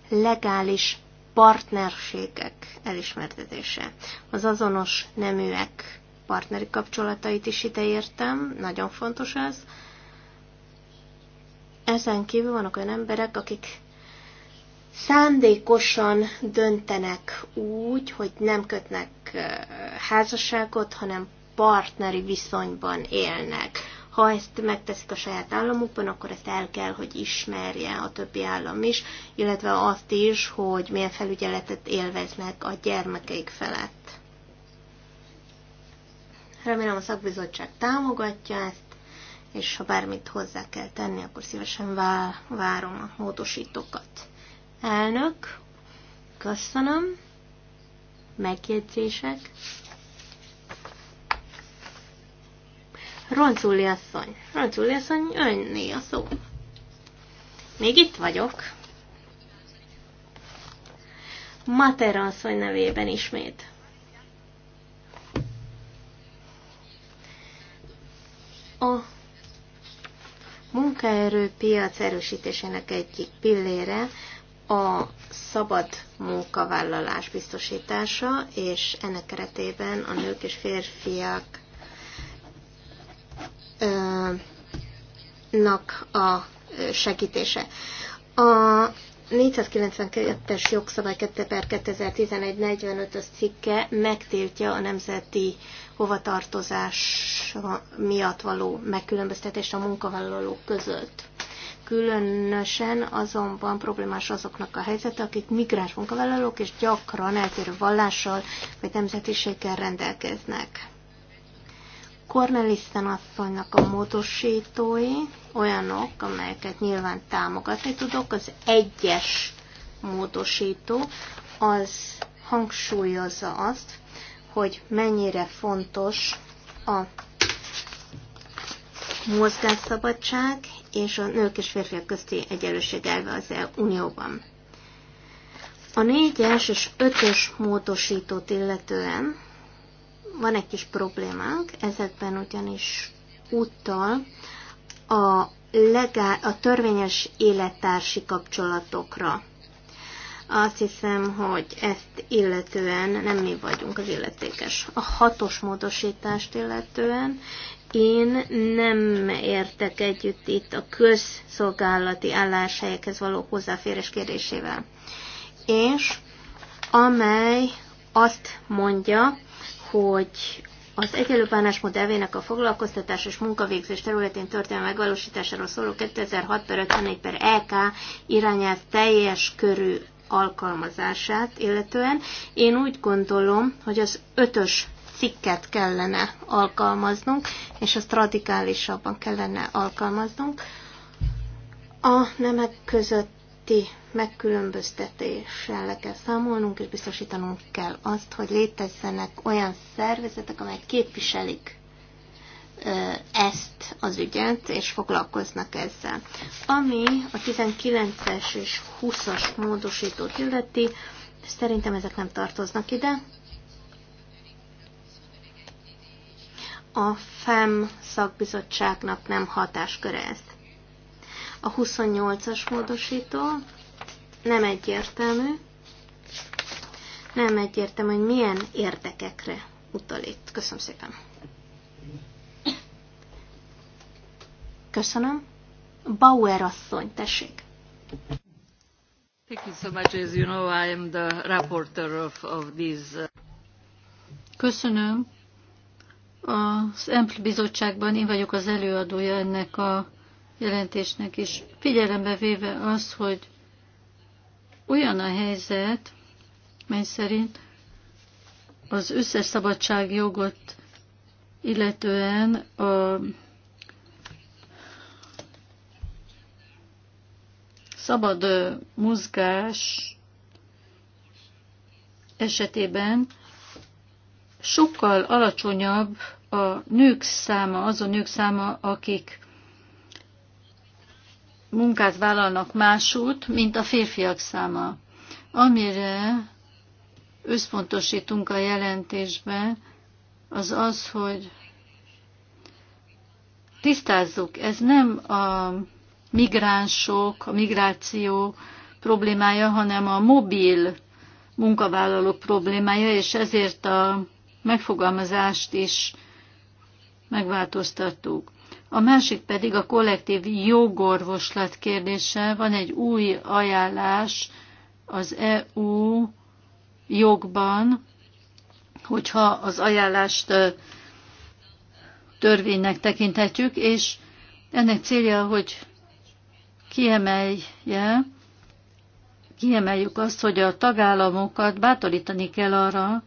legális partnerségek elismertetése. Az azonos neműek partneri kapcsolatait is értem. nagyon fontos ez. Ezen kívül vannak olyan emberek, akik szándékosan döntenek úgy, hogy nem kötnek házasságot, hanem partneri viszonyban élnek ha ezt megteszik a saját államukban, akkor ezt el kell, hogy ismerje a többi állam is, illetve azt is, hogy milyen felügyeletet élveznek a gyermekeik felett. Remélem a szakbizottság támogatja ezt, és ha bármit hozzá kell tenni, akkor szívesen várom a módosítókat. Elnök, köszönöm, megjegyzések. Roncúli asszony. Roncúli asszony, önné a szó. Még itt vagyok. Mater asszony nevében ismét. A munkaerőpiac erősítésének egyik pillére a szabad munkavállalás biztosítása, és ennek keretében a nők és férfiak nak a segítése. A 492-es jogszabály 2 per 2011 45-ös cikke megtiltja a nemzeti hovatartozás miatt való megkülönböztetést a munkavállalók között. Különösen azonban problémás azoknak a helyzete, akik migráns munkavállalók és gyakran eltérő vallással vagy nemzetiséggel rendelkeznek. Cornelissen asszonynak a módosítói olyanok, amelyeket nyilván támogatni tudok. Az egyes módosító az hangsúlyozza azt, hogy mennyire fontos a mozgásszabadság és a nők és férfiak közti egyenlőség elve az Unióban. A négyes és ötös módosítót illetően van egy kis problémánk, ezekben ugyanis úttal a, legál, a törvényes élettársi kapcsolatokra. Azt hiszem, hogy ezt illetően nem mi vagyunk az illetékes. A hatos módosítást illetően én nem értek együtt itt a közszolgálati álláshelyekhez való hozzáférés kérdésével. És amely azt mondja, hogy az egyenlő bánásmód elvének a foglalkoztatás és munkavégzés területén történő megvalósításáról szóló 2006 per 54 per EK irányelv teljes körű alkalmazását illetően. Én úgy gondolom, hogy az ötös cikket kellene alkalmaznunk, és azt radikálisabban kellene alkalmaznunk. A nemek között közötti megkülönböztetéssel le kell számolnunk, és biztosítanunk kell azt, hogy létezzenek olyan szervezetek, amelyek képviselik ezt az ügyet, és foglalkoznak ezzel. Ami a 19-es és 20-as módosítót illeti, szerintem ezek nem tartoznak ide. A FEM szakbizottságnak nem hatásköre ezt. A 28-as módosító nem egyértelmű, nem egyértelmű, hogy milyen érdekekre utal itt. Köszönöm szépen. Köszönöm. Bauer asszony, tessék. Thank you so much. As you know, I am the reporter of, of this. Uh, Köszönöm. Az EMPL bizottságban én vagyok az előadója ennek a jelentésnek is, figyelembe véve az, hogy olyan a helyzet, mely szerint az összes szabadságjogot illetően a szabad mozgás esetében sokkal alacsonyabb a nők száma, az a nők száma, akik munkát vállalnak másút, mint a férfiak száma. Amire összpontosítunk a jelentésben, az az, hogy tisztázzuk, ez nem a migránsok, a migráció problémája, hanem a mobil munkavállalók problémája, és ezért a megfogalmazást is megváltoztattuk. A másik pedig a kollektív jogorvoslat kérdése. Van egy új ajánlás az EU jogban, hogyha az ajánlást törvénynek tekinthetjük, és ennek célja, hogy kiemelje, kiemeljük azt, hogy a tagállamokat bátorítani kell arra,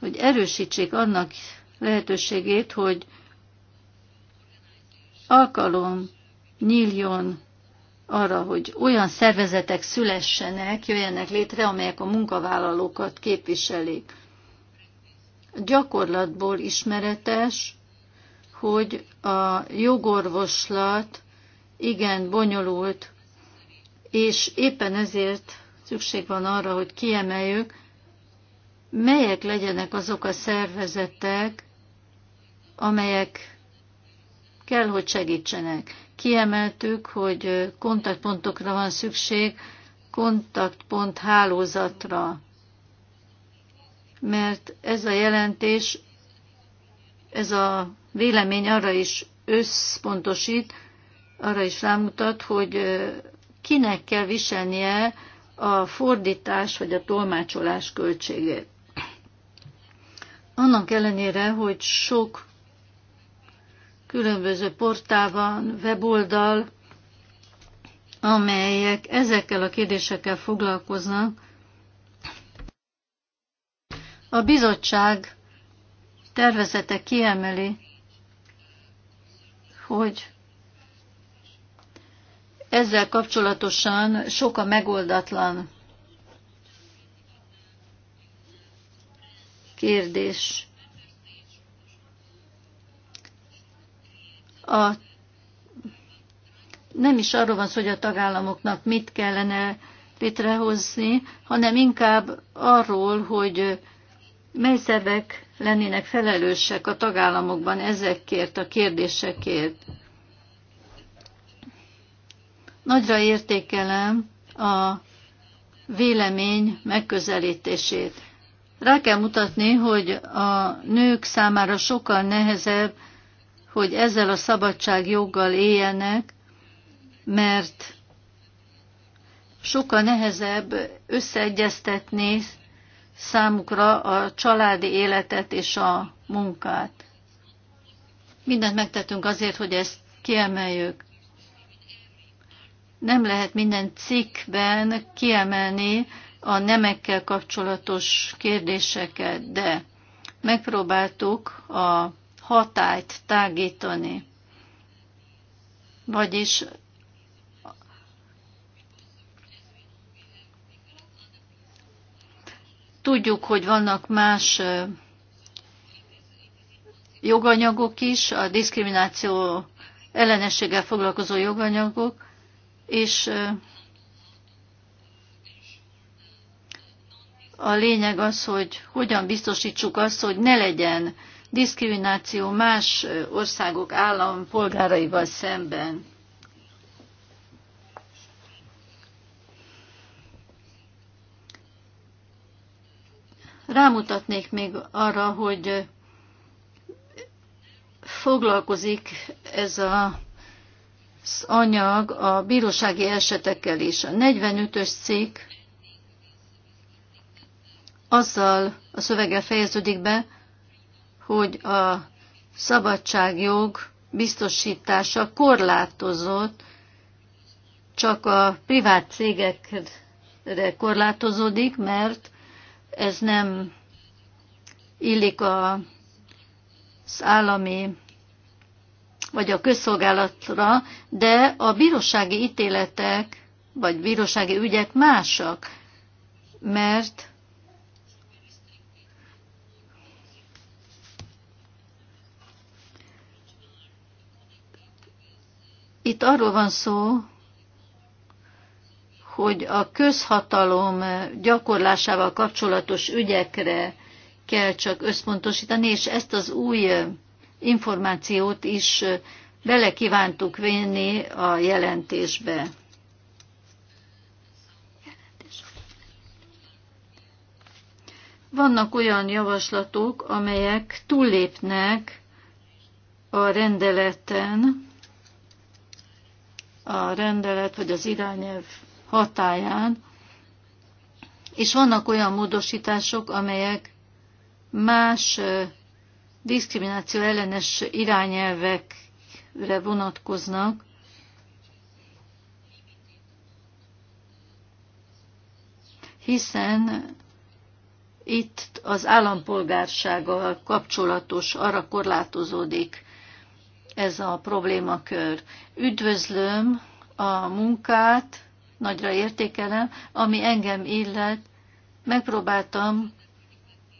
hogy erősítsék annak lehetőségét, hogy alkalom nyíljon arra, hogy olyan szervezetek szülessenek, jöjjenek létre, amelyek a munkavállalókat képviselik. Gyakorlatból ismeretes, hogy a jogorvoslat igen bonyolult, és éppen ezért szükség van arra, hogy kiemeljük, melyek legyenek azok a szervezetek, amelyek kell, hogy segítsenek. Kiemeltük, hogy kontaktpontokra van szükség, kontaktpont hálózatra, mert ez a jelentés, ez a vélemény arra is összpontosít, arra is rámutat, hogy kinek kell viselnie a fordítás vagy a tolmácsolás költségét. Annak ellenére, hogy sok különböző portál van, weboldal, amelyek ezekkel a kérdésekkel foglalkoznak. A bizottság tervezete kiemeli, hogy ezzel kapcsolatosan sok a megoldatlan kérdés. a, nem is arról van szó, hogy a tagállamoknak mit kellene létrehozni, hanem inkább arról, hogy mely szervek lennének felelősek a tagállamokban ezekért a kérdésekért. Nagyra értékelem a vélemény megközelítését. Rá kell mutatni, hogy a nők számára sokkal nehezebb hogy ezzel a szabadságjoggal éljenek, mert sokkal nehezebb összeegyeztetni számukra a családi életet és a munkát. Mindent megtettünk azért, hogy ezt kiemeljük. Nem lehet minden cikkben kiemelni a nemekkel kapcsolatos kérdéseket, de megpróbáltuk a hatályt tágítani. Vagyis tudjuk, hogy vannak más joganyagok is, a diszkrimináció ellenességgel foglalkozó joganyagok, és a lényeg az, hogy hogyan biztosítsuk azt, hogy ne legyen diszkrimináció más országok állampolgáraival szemben. Rámutatnék még arra, hogy foglalkozik ez a az anyag a bírósági esetekkel is. A 45-ös cikk azzal a szöveggel fejeződik be, hogy a szabadságjog biztosítása korlátozott, csak a privát cégekre korlátozódik, mert ez nem illik az állami vagy a közszolgálatra, de a bírósági ítéletek vagy bírósági ügyek másak, mert Itt arról van szó, hogy a közhatalom gyakorlásával kapcsolatos ügyekre kell csak összpontosítani, és ezt az új információt is bele kívántuk vinni a jelentésbe. Vannak olyan javaslatok, amelyek túllépnek a rendeleten, a rendelet vagy az irányelv hatáján, és vannak olyan módosítások, amelyek más diszkrimináció ellenes irányelvekre vonatkoznak, hiszen itt az állampolgársággal kapcsolatos arra korlátozódik ez a problémakör. Üdvözlöm a munkát, nagyra értékelem, ami engem illet. Megpróbáltam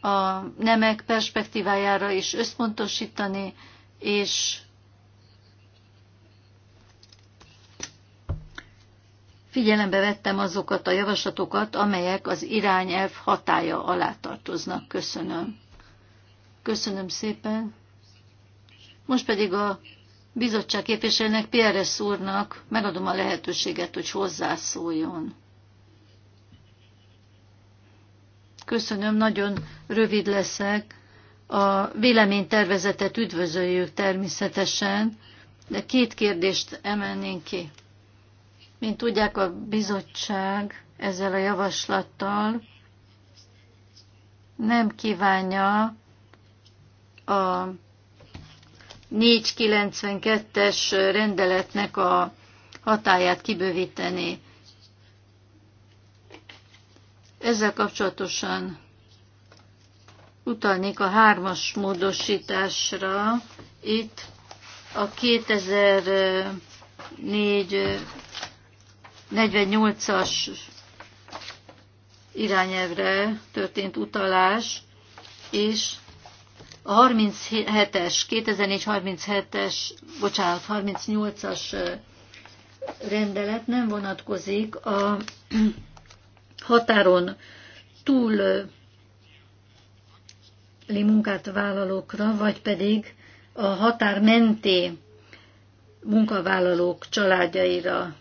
a nemek perspektívájára is összpontosítani, és Figyelembe vettem azokat a javaslatokat, amelyek az irányelv hatája alá tartoznak. Köszönöm. Köszönöm szépen. Most pedig a bizottság képviselőnek, Pierres úrnak megadom a lehetőséget, hogy hozzászóljon. Köszönöm, nagyon rövid leszek. A véleménytervezetet üdvözöljük természetesen, de két kérdést emelnénk ki. Mint tudják, a bizottság ezzel a javaslattal nem kívánja a 492-es rendeletnek a hatáját kibővíteni. Ezzel kapcsolatosan utalnék a hármas módosításra. Itt a 2004 48-as irányelvre történt utalás, és a 37-es, 2004-37-es, bocsánat, 38-as rendelet nem vonatkozik a határon túl munkát vállalókra, vagy pedig a határ menti munkavállalók családjaira.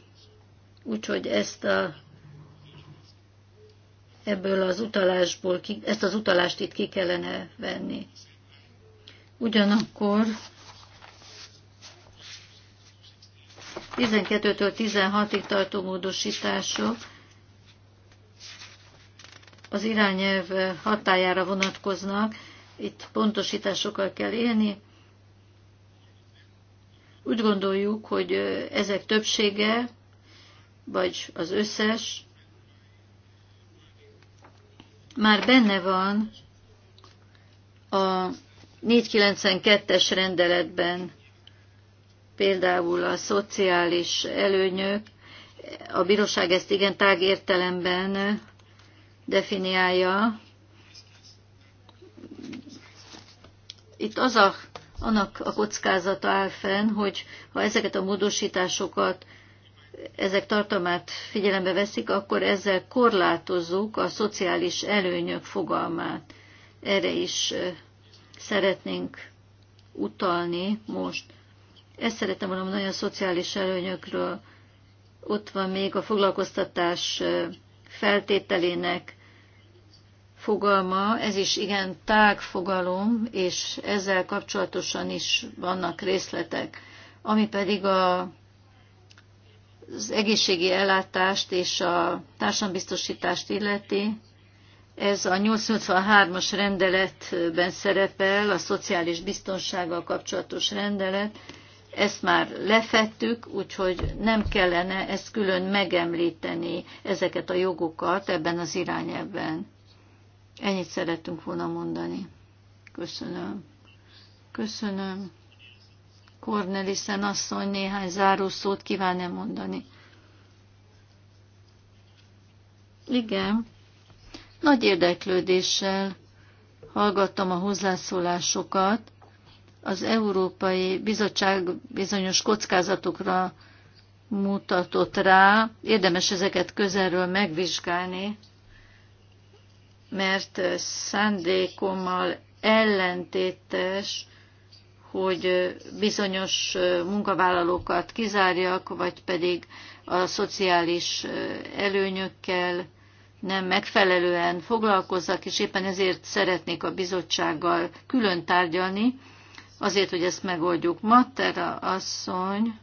Úgyhogy ezt a, ebből az utalásból, ezt az utalást itt ki kellene venni. Ugyanakkor 12-től 16-ig tartó módosítások az irányelv hatájára vonatkoznak, itt pontosításokkal kell élni. Úgy gondoljuk, hogy ezek többsége, vagy az összes, már benne van a 492-es rendeletben például a szociális előnyök, a bíróság ezt igen tág értelemben definiálja. Itt az a, annak a kockázata áll fenn, hogy ha ezeket a módosításokat, ezek tartalmát figyelembe veszik, akkor ezzel korlátozzuk a szociális előnyök fogalmát. Erre is szeretnénk utalni most. Ezt szeretem volna mondani a szociális előnyökről. Ott van még a foglalkoztatás feltételének fogalma, ez is igen tág fogalom, és ezzel kapcsolatosan is vannak részletek, ami pedig a, az egészségi ellátást és a társadalombiztosítást illeti. Ez a 883-as rendeletben szerepel, a szociális biztonsággal kapcsolatos rendelet. Ezt már lefettük, úgyhogy nem kellene ezt külön megemlíteni, ezeket a jogokat ebben az irányában. Ennyit szerettünk volna mondani. Köszönöm. Köszönöm. Cornelissen asszony néhány záró szót kíván-e mondani? Igen. Nagy érdeklődéssel hallgattam a hozzászólásokat. Az Európai Bizottság bizonyos kockázatokra mutatott rá. Érdemes ezeket közelről megvizsgálni, mert szándékommal ellentétes, hogy bizonyos munkavállalókat kizárjak, vagy pedig a szociális előnyökkel nem megfelelően foglalkozzak, és éppen ezért szeretnék a bizottsággal külön tárgyalni, azért, hogy ezt megoldjuk. Mattera asszony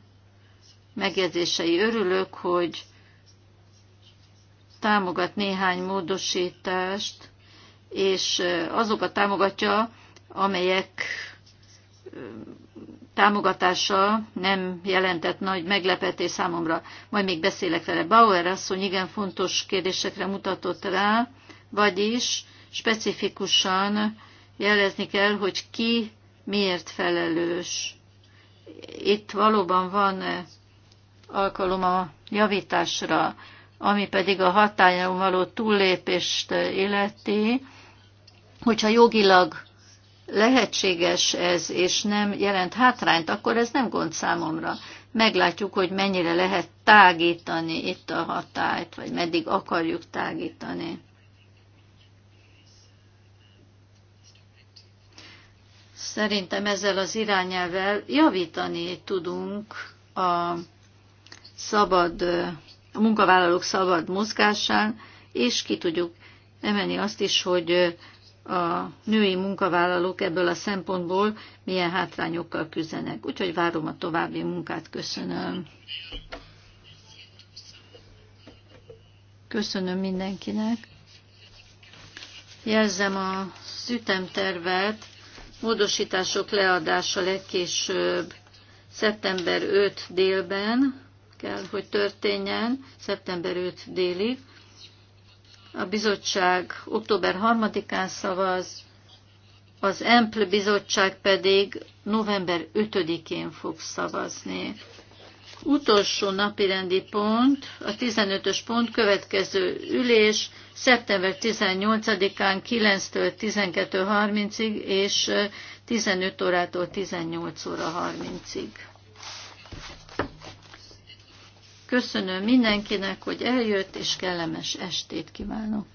megjegyzései örülök, hogy támogat néhány módosítást, és azokat támogatja, amelyek támogatása nem jelentett nagy meglepetés számomra. Majd még beszélek vele. Bauer asszony igen fontos kérdésekre mutatott rá, vagyis specifikusan jelezni kell, hogy ki miért felelős. Itt valóban van alkalom a javításra, ami pedig a hatályon való túllépést illeti, hogyha jogilag lehetséges ez, és nem jelent hátrányt, akkor ez nem gond számomra. Meglátjuk, hogy mennyire lehet tágítani itt a hatályt, vagy meddig akarjuk tágítani. Szerintem ezzel az irányelvel javítani tudunk a szabad, a munkavállalók szabad mozgásán, és ki tudjuk emelni azt is, hogy a női munkavállalók ebből a szempontból milyen hátrányokkal küzdenek. Úgyhogy várom a további munkát. Köszönöm. Köszönöm mindenkinek. Jelzem a ütemtervet, módosítások leadása legkésőbb szeptember 5 délben kell, hogy történjen, szeptember 5 délig a bizottság október 3-án szavaz, az EMPL bizottság pedig november 5-én fog szavazni. Utolsó napirendi pont, a 15-ös pont következő ülés, szeptember 18-án 9-től 12.30-ig és 15 órától 18 óra 30-ig. Köszönöm mindenkinek, hogy eljött, és kellemes estét kívánok!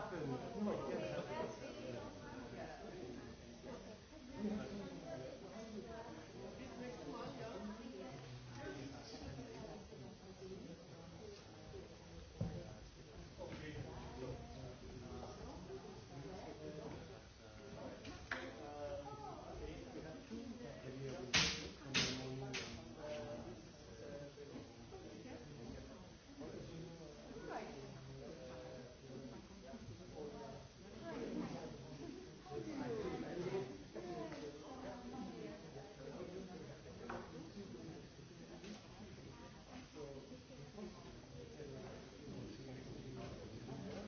happened?